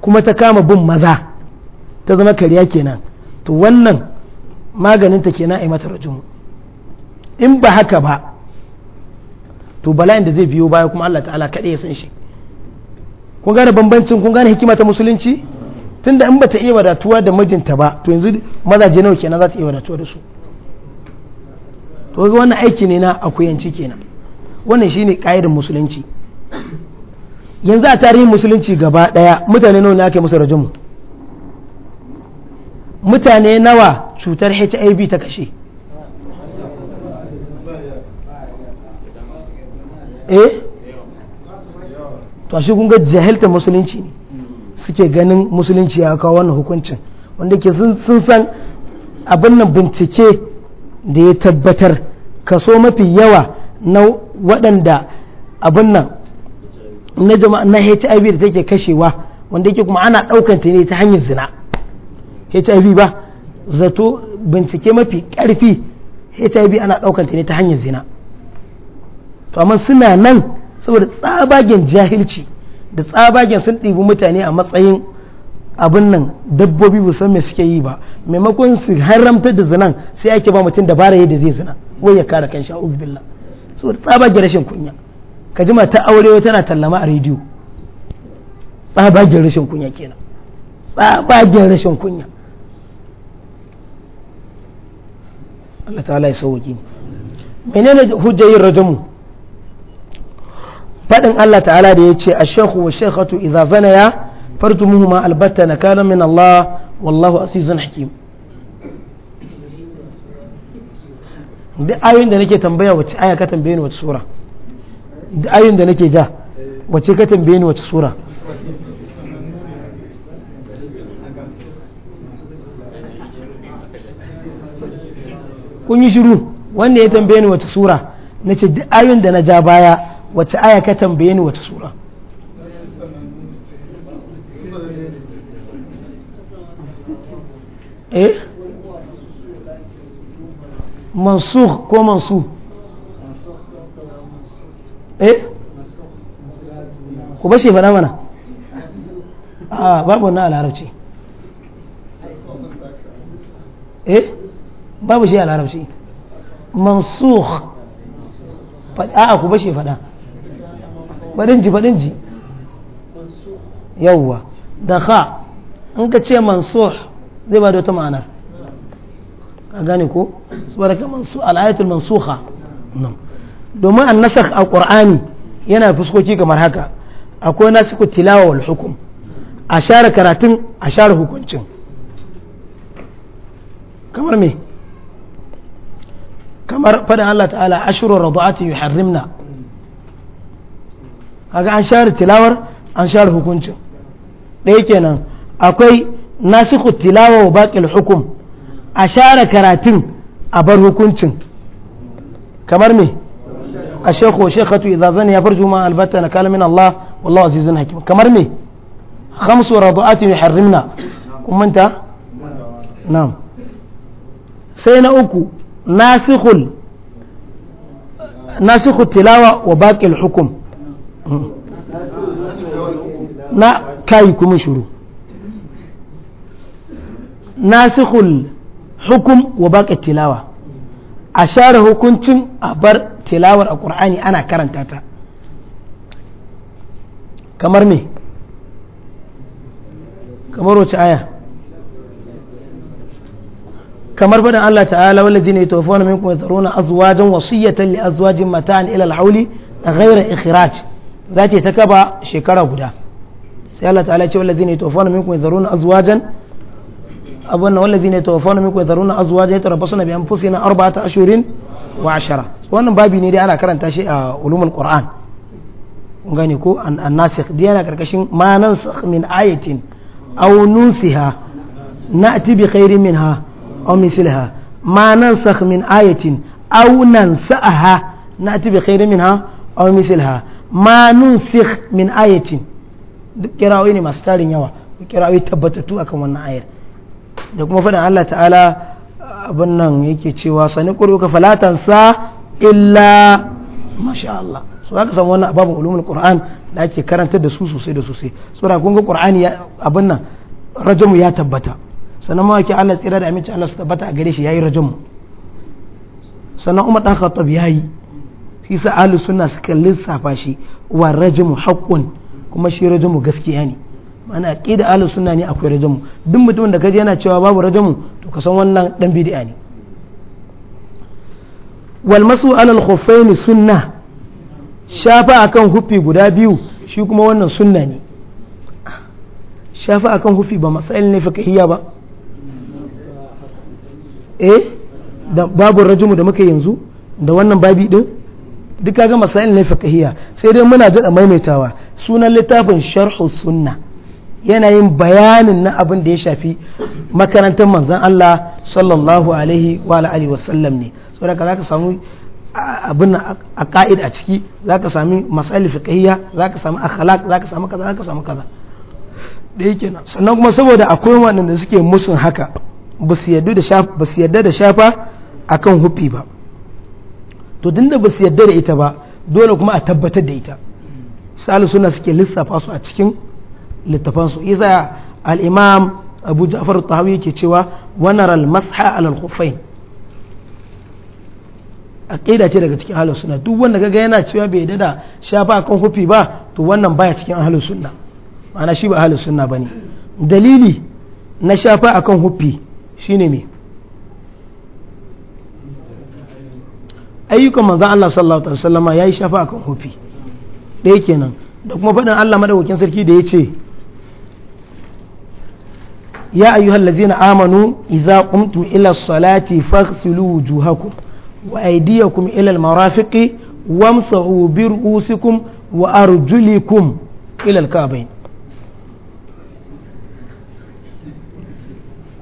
kuma ta kama bin maza ta zama kariya kenan to wannan maganinta kenan a yi mata rajinmu in ba haka ba to bala'in da zai biyo baya kuma Allah ta'ala kaɗai ya san shi kun gane bambancin kun gane hikima ta musulunci tunda in bata iya wadatuwa da mijinta ba to yanzu mazaje nawa kenan za ta iya wadatuwa da su to ga wannan aiki ne na akuyanci kenan wannan shine ƙa'idar musulunci yanzu a tarihin musulunci gaba ɗaya mutane nawa ne ake musu rajumu mutane nawa cutar HIV ta kashe eh to shi kun ga jahilta musulunci ne suke ganin musulunci ya kawo wannan hukuncin wanda ke sun san abin nan bincike da ya tabbatar kaso mafi yawa na waɗanda abin nan na jama'a na HIV da take kashewa wanda yake kuma ana ɗaukanta ne ta hanyar zina HIV ba zato bincike mafi ƙarfi HIV ana ɗaukanta ne ta hanyar zina to amma suna nan saboda tsabagen jahilci da tsabagen sun ɗibi mutane a matsayin abin nan dabbobi ba san me suke yi ba maimakon su haramta da zinan sai ake ba mutum bara yadda zai zina wai ya kare kan sha billah saboda tsabagen rashin kunya ka jima ta aure tana tallama a rediyo tsabagen rashin kunya kenan tsabagen rashin kunya Allah ta'ala ya sauki menene hujjar yin rajamu faɗin Allah ta'ala da ya ce a shekhu wa shekhatu idza zanaya farjumuhuma albatta na kana min ayoyin da nake tambaya wacce aya ka tambaye ni wacce sura ayoyin da nake ja wacce ka tambaye ni wacce sura kun yi shiru wanda ya tambaye ni wacce sura na ce duk ayoyin da na ja baya wace aya ka tambaye ni wace sura eh mansur ko mansu eh ku bashe faɗa mana a ah, babu na a larabci eh babu shi a larabci mansur a ku bashe faɗa badinji badinji yawwa da kha in ka ce mansur zai ba da wata ma'ana ka gane ko su mansu al'ayatul mansuha domin an nasa a ƙur'ani yana fuskoki kamar haka akwai nasiku tilawa wal hukum a share karatun a share hukuncin kamar me kamar faɗin Allah ta'ala ashirin radu'atin harimna. kaga an share tilawar an share hukuncin ɗaya kenan akwai nasikhu tilawa wa baƙil hukum a share karatun a bar hukuncin kamar me a shekhu wa idan zan ya farju ma albata na kalamin Allah wallahu azizun hakim kamar me khamsu radu'atin yuharrimna kun manta na'am sai na uku nasikhul nasikhut tilawa wa baƙil hukum na kai kuma shuru hukum wa baqi tilawa a share hukuncin a bar tilawar a ƙur'ani ana karanta ta kamar ne kamar wace aya kamar faɗin Allah ta'ala wallazi ne tawaffa minkum wasu azwajan wasiyatan li azwajin mata'an ila al-hawli ghayra ikhraj za ta ta kaba shekara guda sai Allah ta'ala ce wallazi ne tawafana minkum yadharuna azwajan abunna wallazi ne tawafana minkum yadharuna azwajan yatarabbasuna bi anfusihim arba'ata ashirin wa ashara wannan babi ne dai ana karanta shi a ulumul qur'an kun gane ko an-nasikh dai yana karkashin ma nansakh min ayatin aw nusiha na'ti bi khairin minha aw mithlaha ma nansakh min ayatin aw nansa'aha na'ti bi khairin minha aw mithlaha ma min ayatin duk kira'o'i ne masu tarin yawa kira'o'i tabbatattu akan wannan ayar da kuma faɗin Allah ta'ala abin nan yake cewa sani ƙuruka falatan sa illa masha Allah so ka samu wannan babu uluman qur'an da ake karantar da su sosai da sosai saboda kun ga qur'ani abin nan rajamu ya tabbata sannan ma Allah tsira da aminci Allah su tabbata a gare shi yi rajamu sannan Umar dan Khattab yayi shi sa ahlus sunna suka lissafa shi wa rajmu haqqun kuma shi rajmu gaskiya ne mana aqida ahlus sunna ne akwai rajmu duk mutumin da kaje yana cewa babu rajmu to ka san wannan dan bid'a ne Walmasu masu alal khuffain sunna shafa akan hufi guda biyu shi kuma wannan sunna ne shafa akan hufi ba masail ne fiqhiyya ba eh da babu rajimu da muka yanzu da wannan babi din duk kaga masail ne fiqhiyya sai dai muna daɗa maimaitawa sunan littafin sharhu sunna yana yin bayanin na abin da ya shafi makarantar manzon Allah sallallahu alaihi wa alihi wa sallam ne saboda zaka samu abin a ka'id a ciki zaka sami masail fiqhiyya zaka sami akhlaq zaka sami kaza zaka sami kaza da yake nan sannan kuma saboda akwai waɗanda suke musun haka ba su yadda da shafa akan hufi ba to da ba su yarda da ita ba dole kuma a tabbatar da ita Salisu suna suke lissafa su a cikin littafan su isa al-imam abu ja'far tahawi yake cewa wanar al-masha al khuffain aqida ce daga cikin ahlus sunna duk wanda kaga yana cewa bai dada shafa kan hufi ba to wannan baya cikin ahlus sunna ma'ana shi ba ahlus sunna bane dalili na shafa akan hufi shine me ayyukan manzan Allah sallallahu alaihi wasallama yayi shafa akan hufi ɗaya kenan da kuma faɗin Allah madaukakin sarki da ya ce ya ayyuhal ladzina amanu idza qumtum ila salati faghsilu wujuhakum wa aydiyakum ila al-marafiqi wamsahu bi ru'usikum wa arjulikum ila al-ka'bayn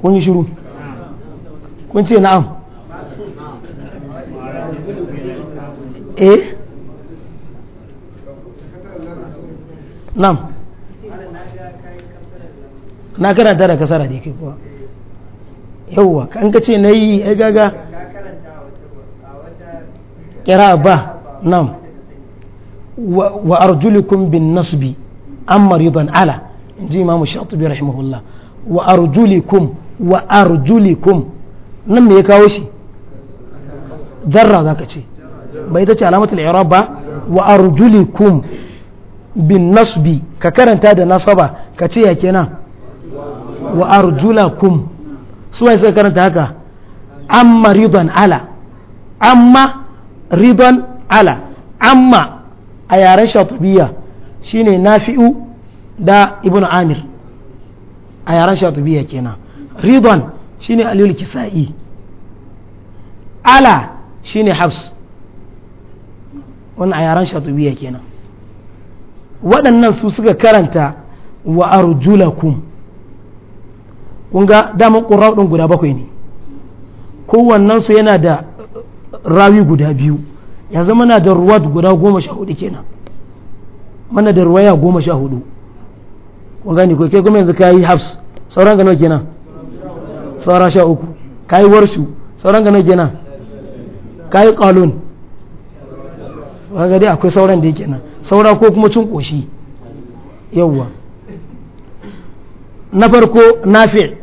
kun yi shiru kun ce na'am eh nam na karanta da kasara da yake kuwa yauwa kan ka ce na yi gaga kira ba nam wa arjulikum bin nasbi an maridon ala in ji imamu shatubi rahimahullah wa arjulikum wa arjulikum nan me ya kawo shi zarra za ka ce ba ita ce alamatul i'rab ba wa arjulikum bin nasbi ka karanta da nasaba ka ce ya kenan wa arjulakum su wai sai karanta haka amma ridan ala amma ridan ala amma a yaren shatubiya shine nafi'u da ibnu amir a yaren shatubiya kenan ridan shine alil kisa'i ala shine hafs wannan a yaran shatubiya kenan waɗannan su suka karanta wa arjulakum kun ga daman ƙura'u ɗin guda bakwai ne su yana da rawi guda biyu yanzu mana da ruwat guda goma sha hudu kenan mana da ruwaya goma sha hudu kun gani ko kai kuma yanzu ka yi hafs sauran gano kenan sauran sha uku ka yi warsu sauran gano kenan ka yi kalun kaga dai akwai sauran da yake nan saura ko kuma cin koshi yawwa na farko nafi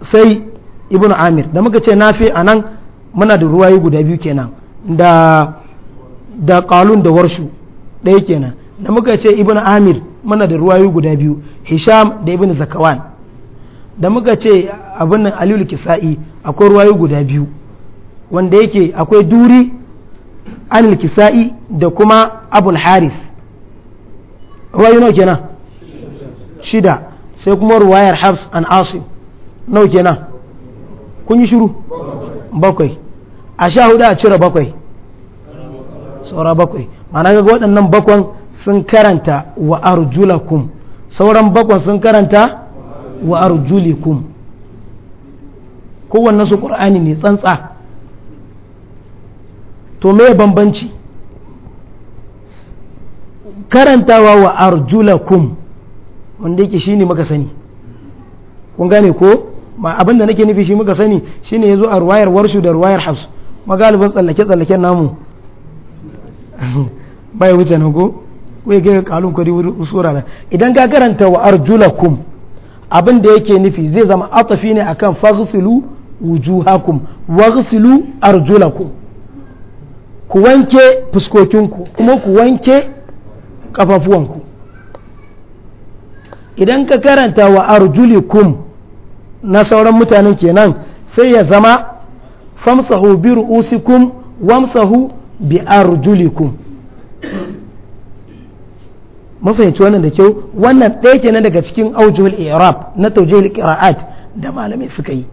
sai ibnu amir da muka ce nafi a nan muna da ruwayi guda biyu kenan da da kalun da warshu ɗaya kenan da muka ce ibnu amir muna da ruwayi guda biyu hisham da ibnu zakawan da muka ce abin nan aliyu kisa'i akwai ruwayi guda biyu wanda yake akwai duri an kisa'i da kuma abul harith ruwayo nauke na? shida sai kuma ruwayar habs an asim Nauke na? kun yi shiru bakwai a sha hudu a cire bakwai saura bakwai mana ga waɗannan bakwan sun karanta wa arjulakum sauran bakwan sun karanta wa arjulikum kowanne su ƙur'ani ne tsantsa to me bambanci karantawa wa arjulakum wanda yake shine muka sani kun gane ko ma abinda nake nufi shi muka sani shine yazo a ruwayar warshu da ruwayar hafs magalibin tsallake tsallaken namu bai wuce na go wai ga kalun kwari usura na idan ka karanta wa arjulakum abinda yake nufi zai zama atafi ne akan faghsilu wujuhakum waghsilu arjulakum ku wanke fuskokinku kuma ku wanke ƙafafuwanku idan ka karanta wa arjulikum na sauran mutanen kenan sai ya zama famsahu bi ru'usikum wamsahu bi arjulikum mafahimci wannan da kyau wannan ɗaya kenan daga cikin aujuhul i'rab na tawjihul qira'at da malamai suka yi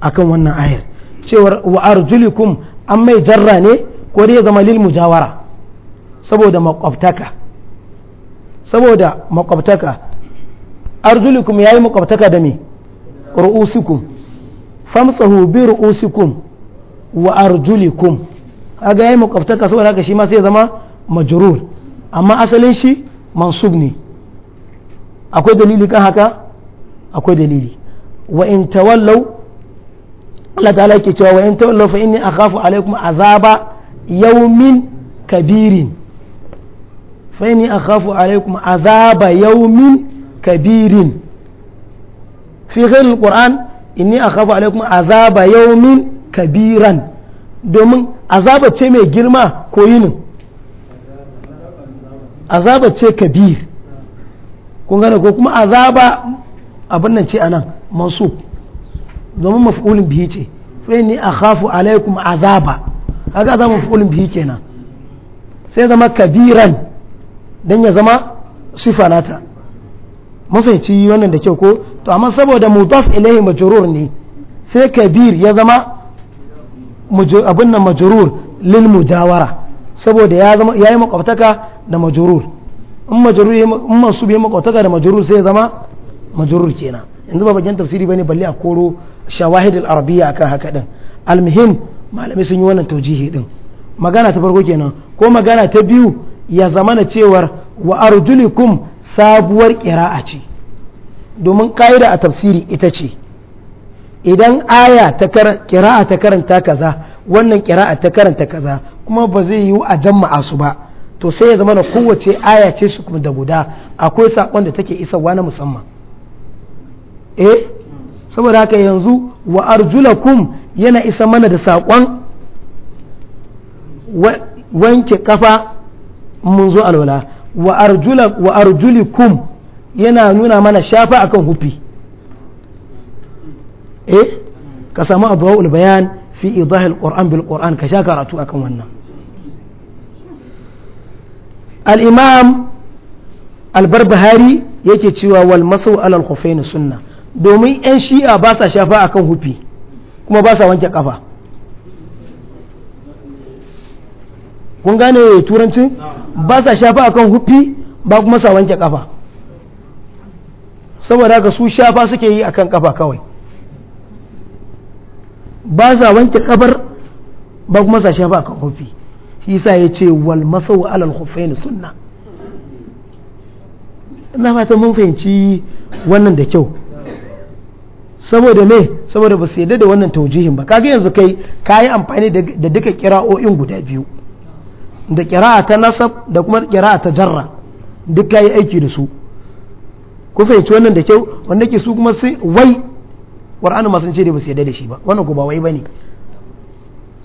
akan wannan ayar cewar wa arjulikum an mai jarra ne ko dai ya zama lil mujawara saboda makwabtaka saboda makwabtaka ya yi makwabtaka da me ru'usukum famsahu bi ru'usikum wa arjulikum kaga yi makwabtaka saboda haka shi ma sai zama majrur amma asalin shi mansub ne akwai dalili kan haka akwai dalili wa in tawallaw Allah ta'ala ke cewa wa in tawallaw fa inni akhafu alaikum azaba yaumin kabirin faini a akhafu alaikum azaba yaumin kabirin fi ghairil qur'an inni akhafu alaikum azaba yaumin kabiran domin azaba ce mai girma ko yinin azaba ce kabir kun gane ko kuma azaba abin nan ce anan mansub domin maf'ulin bihi ce fa inni akhafu alaikum azaba kaga zama maf'ulun bihi kenan sai zama kabiran dan ya zama sifa nata mafaici wannan da kyau ko to amma saboda mudaf ilaihi majrur ne sai kabir ya zama abun nan majrur lil mujawara saboda ya zama yayi makwataka da majrur in majrur in mansub yayi makwataka da majrur sai ya zama majrur kenan yanzu ba bakin tafsiri bane balle a koro shawahid al-arabiyya akan haka din al malamai sun yi wannan taujihi din magana ta farko kenan ko magana ta biyu ya zama na cewar wa arjulikum sabuwar kira'a ce domin ka'ida a tafsiri ita ce idan aya ta ƙira'a ta karanta kaza wannan ƙira'a ta karanta kaza kuma ba zai yiwu a jama'a su ba to sai ya zama na kowace aya ce su kuma da guda akwai saƙon da take isarwa na musamman eh saboda haka yanzu wa arjulakum yana isa mana da saƙon wanke kafa mun zo alwala wa arjulikum yana nuna mana shafa akan hufi eh ka samu adwa'ul bayan fi idahil qur'an bil qur'an ka sha karatu akan wannan al albarbahari yake cewa wal masu alal sunna domin yan shi'a ba sa shafa akan hufi kuma ba sa wanke kafa kun gane turanci ba sa shafa akan hufi ba kuma sa wanke kafa saboda haka su shafa suke yi akan kafa kawai ba sa wanke kafar ba kuma sa shafa akan hufi shi sa ya ce wal masau alal hufaini sunna ina fata mun fahimci wannan da kyau saboda me saboda ba su yadda da wannan taujihin ba kage yanzu kai ka yi amfani da duka kira'o'in guda biyu da kira'a ta nasab da kuma kira'a ta jarra duk ka yi aiki da su ku fahimci wannan da kyau wanda ke su kuma sai wai qur'ani ma sun ce da ba su yadda da shi ba wannan ko ba wai ne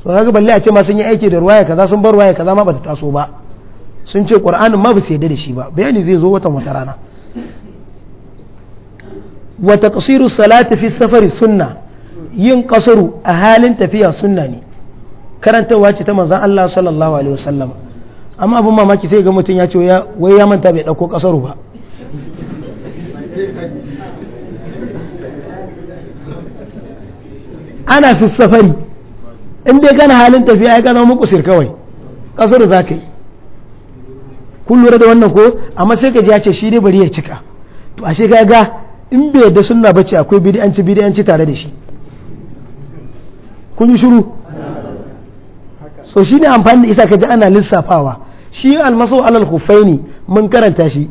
so kaga balle a ce ma sun yi aiki da ruwaya kaza sun bar ruwaya kaza ma ba ta taso ba sun ce qur'anin ma ba su yadda da shi ba bayani zai zo watan wata rana wa taqsiru salati fi safari sunna yin kasaru a halin tafiya sunna ne karantarwa ce ta manzon Allah sallallahu alaihi wasallam amma abin mamaki sai ga mutum ya ce wai ya manta bai ɗauko kasaru ba ana fi safari in dai gana halin tafiya ya gano muku sir kawai kasar za ka yi kun da wannan ko amma sai ka ji ya ce shi ne bari ya cika to ashe ka ga in bai da suna bace akwai bidiyanci bidiyanci tare da shi kun yi shiru so shi ne amfani da isa ka ji ana lissafawa shi almaso alal hufai ne mun karanta shi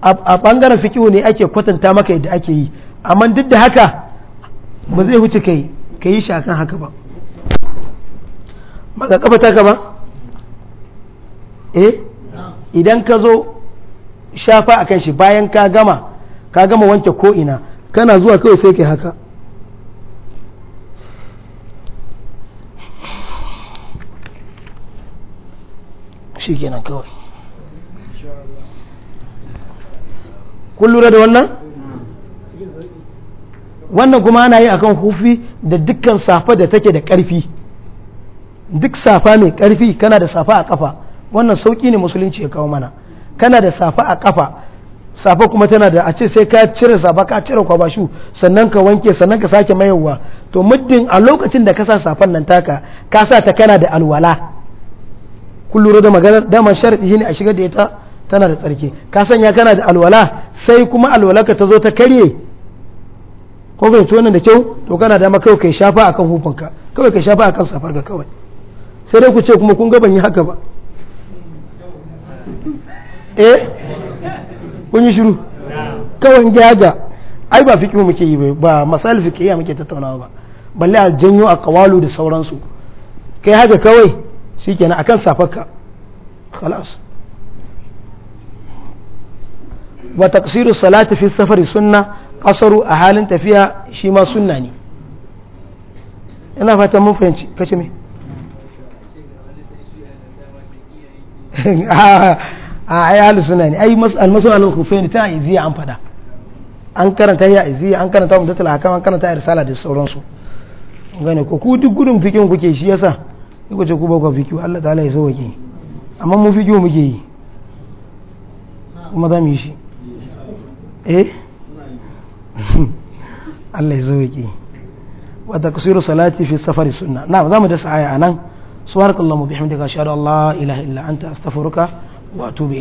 a bangaren fikihu ne ake kwatanta maka yadda ake yi amma duk da haka ba zai wuce kai ka yi shi akan haka ba maka kafa ka ba eh idan ka zo shafa a kan shi bayan ka gama ka gama wanke ko ina kana zuwa kawai sai kai haka shi nan kawai kun da wannan wannan kuma ana yi akan hufi da dukkan safa da take da ƙarfi duk safa mai ƙarfi kana da safa a ƙafa wannan sauƙi ne musulunci ya kawo mana kana da safa a ƙafa. safa kuma tana da a ce sai ka cire safa ka cire kwabashu sannan ka wanke sannan ka sake mayarwa to muddin a lokacin da ka sa safan nan taka ka sa ta kana da alwala kun da magana daman sharadi ne a shigar da ita tana da tsarki ka sanya kana da alwala sai kuma alwalaka ta zo ta karye ko bai to da kyau to kana da kawai kai shafa akan hufunka kawai kai shafa akan safar ka kawai sai dai ku ce kuma kun ga ban yi haka ba eh kun yi shiru kawai jaja ai ba fikihu muke yi ba masal fikihiya muke tattaunawa ba balle a janyo a kawalu da sauransu kai haka kawai shikenan akan safarka khalas wa taqsiru salati fi safari sunna qasaru a halin tafiya shi ma sunna ne ina fata mun fahimci kace me ah, a ai suna ne ai al-masalul khufaini ta iziya an fada an karanta ya iziya an karanta tattala kan an karanta risala da sauransu gane ko ku duk gudun fikin kuke shi yasa ku ce ku ba ku fikiyu Allah ta'ala ya sauke amma mu fikiyu muke yi kuma za mu yi shi eh Allah ya sauke wa taqsiru salati fi safari sunna na za mu dasa aya anan subhanakallahumma bihamdika ashhadu an la ilaha illa anta astaghfiruka wa atubu